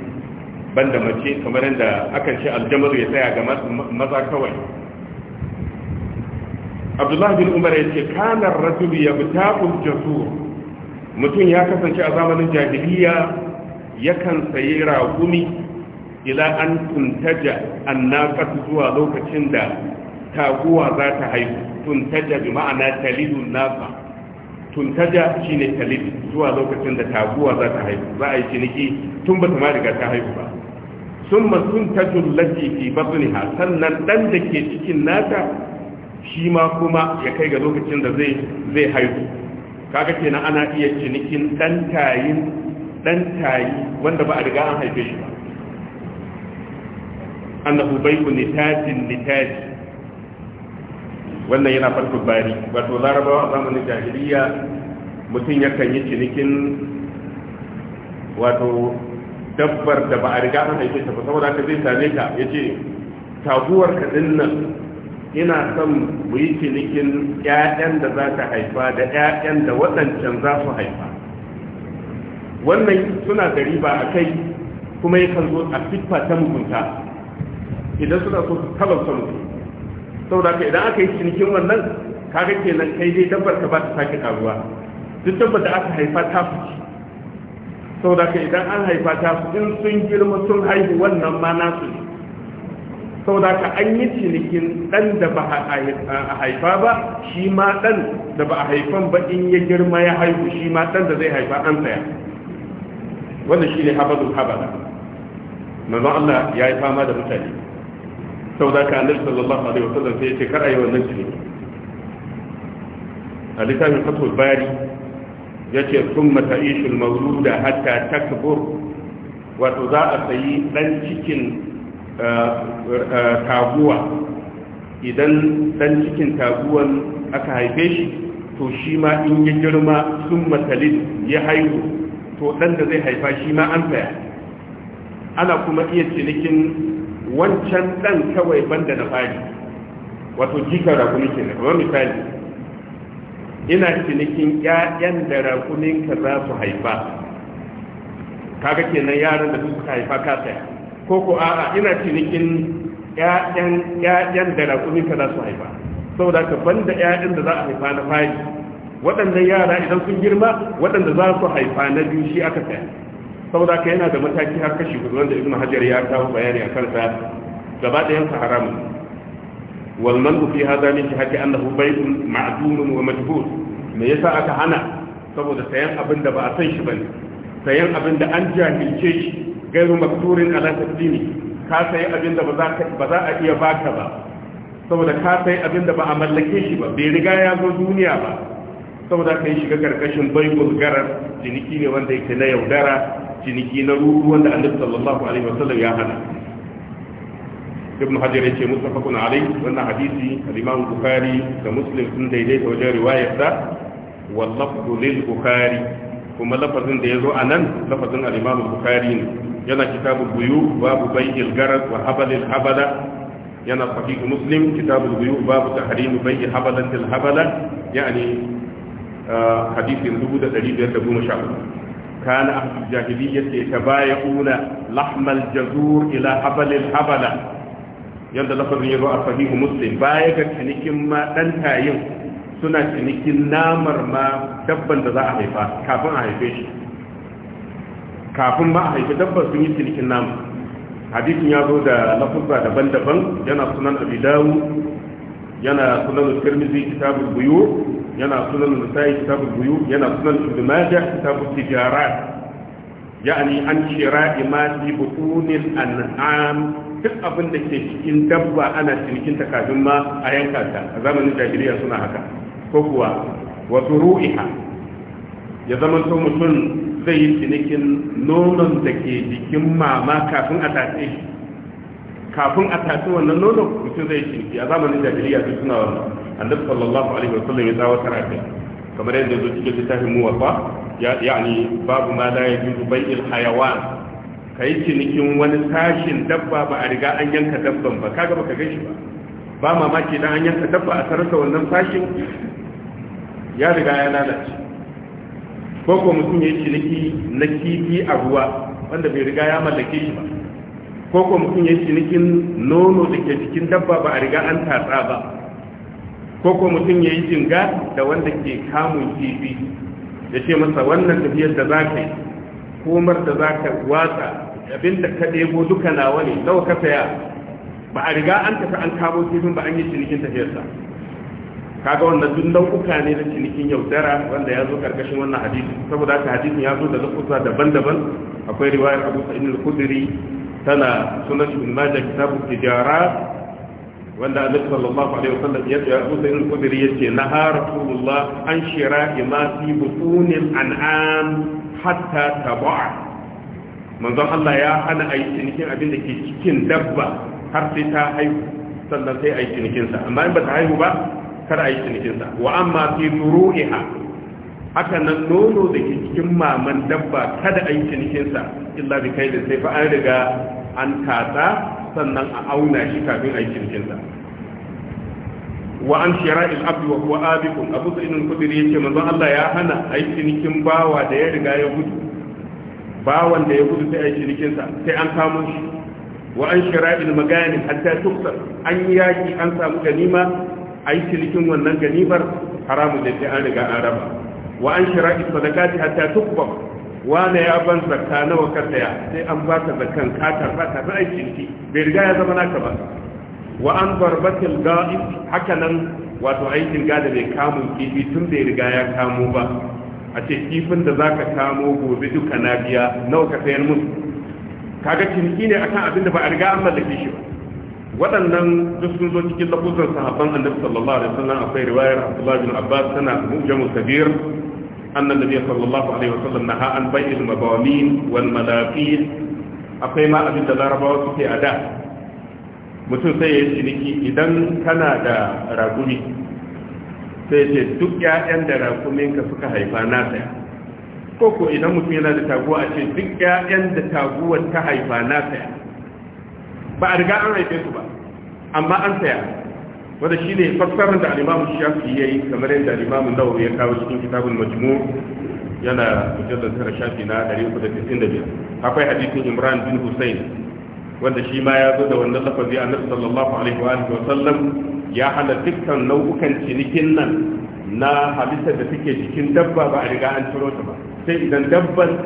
Speaker 1: banda mace kamar yadda aka ce aljamaru ya tsaya ga maza kawai Abdullahi bin umar ya ce kanar rajulu ya bi taqul jasur mutum ya kasance a zamanin jahiliya yakan sayi ragumi ila an tuntaja annaƙas zuwa lokacin da taguwa za ta haihu tuntaja bi ma'ana talidu naqa tuntaja shine talidu zuwa lokacin da taguwa za ta haihu za a yi ciniki tun ba ta ma riga ta haihu ba sun masun tajun lati fi batniha sannan dan da ke cikin nata shi ma kuma ya kai ga lokacin da zai zai haihu kaga kenan ana iya cinikin dan tayin dan tayi wanda ba a riga an haife shi ba annahu bai'u nitajin nitaji wannan yana farko bari wato larabawa a zamanin jahiliya mutum yakan yi cinikin wato dabbar da ba a riga an haife ta ba saboda ka zai same ta ya ce taguwar ka dinnan ina son mu yi cinikin ƴaƴan da za ta haifa da ƴaƴan da waɗancan za su haifa wannan suna da riba a kai kuma kan zo a siffa ta mugunta idan suna so su talauta mutum saboda haka idan aka yi cinikin wannan kaga kenan kai dai dabbar ka ba ta sake karuwa duk dabbar da aka haifa ta fice saboda haka idan an haifa ta in sun girma sun haihu wannan ma nasu ne saboda ka an yi cinikin dan da ba a haifa ba shi ma dan da ba a haifan ba in ya girma ya haihu shi ma dan da zai haifa an Wanda wannan ne habadul habala manzo Allah ya yi fama da mutane saboda ka annabi sallallahu alaihi wasallam sai ya ce kar ayi wannan ciniki a littafin fatul bari ya ce summa ta'ishul mawluda hatta takbur wato za a sayi dan cikin Eh, eh, taguwa idan dan cikin taguwan aka haife shi to shi ma in ya girma sun matalin ya haihu to dan da zai haifa shi ma an faya ana kuma iya cinikin wancan dan kawai banda na fari wato jikar rakumi ke na kamar misali ina cinikin ƴaƴan da rakuminka za su haifa kaga kenan yaran da suka haifa ka saya ko ko a'a ina cinikin ƴaƴan ƴaƴan da ka za su haifa saboda ka banda ƴaƴan da za a haifa na fari waɗannan yara idan sun girma waɗanda za su haifa na biyu shi aka saya saboda ka yana da mataki har kashi hudu wanda ibn hajar ya kawo bayani a kansa gaba da yanka haramun wal man fi hadha min jihati annahu bay'un ma'dun wa majhul me yasa aka hana saboda sayan abin da ba a san shi bane sayan abin da an jahilce shi gairu makturin ala tasdini ka sai abinda ba za ba za a iya baka ba saboda ka sai abinda ba a mallake shi ba bai riga ya zo duniya ba saboda ka yi shiga karkashin bai'ul garar ciniki ne wanda yake na yaudara ciniki na ruru wanda annabi sallallahu alaihi wasallam ya hana ibn hajar yace mutafaqun alaihi wannan hadisi al-imam bukhari da muslim sun daidaita wajen riwayar sa wa lafdu lil bukhari kuma lafazin da ya zo a nan lafazin al'imamu bukari ne yana kitabul buyu babu bai'il garar wa habalil habala yana fahimu muslim kitabul buyu babu ta tahrimu bai'i habalatil habala yani hadisin 1514 kana a ahlul jahiliyyati tabayuna lahmal jazur ila habalil habala yanda lafazin ya zo a fahimu muslim baya ga cinikin ma dan tayin suna cinikin namar ma dabban da za a haifa kafin a haife shi kafin ma a haife dabban sun yi cinikin namar hadisin ya zo da lafuzza daban-daban yana sunan abu dawu yana sunan tirmidhi kitabul buyu yana sunan nasa'i kitabul buyu yana sunan ibn kitabun kitabul ya yani an shira imati an an'am duk abin da ke cikin dabba ana cinikin ta kafin ma a yanka ta a zamanin jahiliya suna haka ko kuwa wa ru'iha ya zama to mutum zai yi cinikin nonon da ke jikin mama kafin a tace, kafin a tace wannan nonon mutum zai yi ciniki a zamanin jahiliya su suna wannan annabi sallallahu alaihi wasallam ya tsawatar a kamar yadda zo cikin littafin ya yani babu ma la yajuzu bai'il hayawan kai cinikin wani tashin dabba ba a riga an yanka dabban ba kaga baka gaishe ba ba mamaki dan an yanka dabba a tarasa wannan fashin. ya riga ya lalace ko ko mutum ya yi ciniki na kifi a ruwa wanda bai riga ya mallake shi ba ko ko mutum ya yi cinikin nono da ke cikin dabba ba a riga an tatsa ba ko ko mutum ya yi jinga da wanda ke kamun kifi ya ce masa wannan tafiyar da za ka yi komar da za ka watsa abinda ka ɗebo duka nawa ne nawa ka saya ba a riga an tafi an kamo kifin ba an yi cinikin tafiyarsa kaga wannan duk nau'uka ne na cinikin yaudara wanda ya zo karkashin wannan hadisi saboda haka hadisin ya zo da lokuta daban-daban akwai riwayar Abu Sa'id al-Khudri tana sunan Ibn Majah kitabu tijara wanda Annabi sallallahu alaihi wasallam ya ce Abu Sa'id al-Khudri yace naha Rasulullah an shira'i ma fi butunil an'am hatta taba'a manzon Allah ya hana ayi cinikin abin da ke cikin dabba har sai ta haihu sannan sai ayi cinikin sa amma in ba ta haihu ba kar a yi cinikinsa wa amma fi turu'iha haka nan nono da ke cikin maman dabba kada a yi cinikinsa illa bi kai da sai fa an riga an tatsa sannan a auna shi kafin a yi cinikinsa wa an shira'il abdi wa huwa abikum abu sa'idun kudiri yake manzo Allah ya hana a yi cinikin bawa da ya riga ya gudu bawan da ya gudu sai a yi cinikinsa sai an kamo shi wa an shira'il maganin hatta tuksar an yaki an samu ganima ai cinikin wannan ganimar haramun da ta an riga an raba wa an shira sadakati hatta tukba wane ya ban zakka nawa ka saya sai an ba ta zakkan ka karba ta sai bai riga ya zama naka ba wa an barbatil ga'ib haka nan wato aikin gada mai kamun kifi tun bai riga ya kamo ba a ce kifin da zaka kamo gobe duka na biya nawa ka sayar mun? kaga ciniki ne akan abin da ba a riga an mallake shi ba waɗannan duk sun zo cikin lafuzan sahabban annabi sallallahu alaihi wasallam akwai riwayar Abdullah bin Abbas tana mujamul kabir أن النبي صلى الله عليه وسلم an عن بيع المضامين والملافيف akwai ma abin da larabawa suke a da mutum sai ya yi ciniki idan kana da ragumi sai ce duk ƴaƴan da raguminka suka haifa na saya ko ko idan mutum yana da taguwa a ce duk ƴaƴan da taguwar ta haifa na saya ba a riga an haife su ba amma an saya wanda shi ne fassarar da alimamu shafi ya yi kamar yadda alimamu nawawi ya kawo cikin kitabun majmu yana mujallar tara shafi na 395 akwai hadisin imran bin hussein wanda shi ma ya zo da wannan lafazi a nasu sallallahu alaihi wa alihi wa sallam ya hana dukkan nau'ukan cinikin nan na halittar da take jikin dabba ba a riga an ciro ta ba sai idan dabban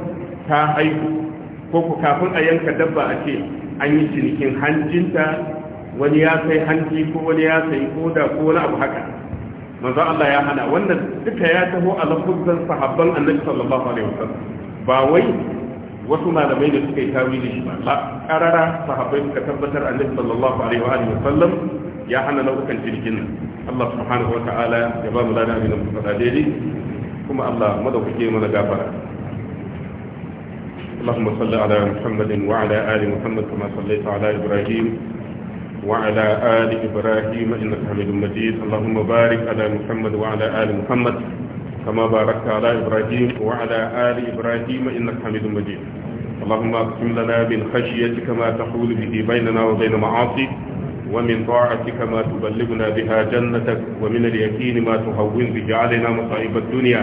Speaker 1: ta haihu ko ku kafin a yanka dabba a ce an yi cinikin hancinta, wani ya sai hanci, ko wani ya sai koda ko wani abu haka manzo Allah ya hana wannan duka ya taho a lafuzan sahabban annabi sallallahu alaihi wasallam ba wai wasu malamai da suka yi tawili shi ba karara sahabbai suka tabbatar annabi sallallahu alaihi wa alihi wasallam ya hana nau'ukan cinikin nan Allah subhanahu wa ta'ala ya ba mu lana abin da muka daidai kuma Allah madaukake mana gafara اللهم صل على محمد وعلى آل محمد كما صليت على إبراهيم وعلى آل إبراهيم إنك حميد مجيد اللهم بارك على محمد وعلى آل محمد كما باركت على إبراهيم وعلى آل إبراهيم إنك حميد مجيد اللهم اقسم لنا من خشيتك ما تحول به بيننا وبين معاصيك ومن طاعتك ما تبلغنا بها جنتك ومن اليقين ما تهون به علينا مصائب الدنيا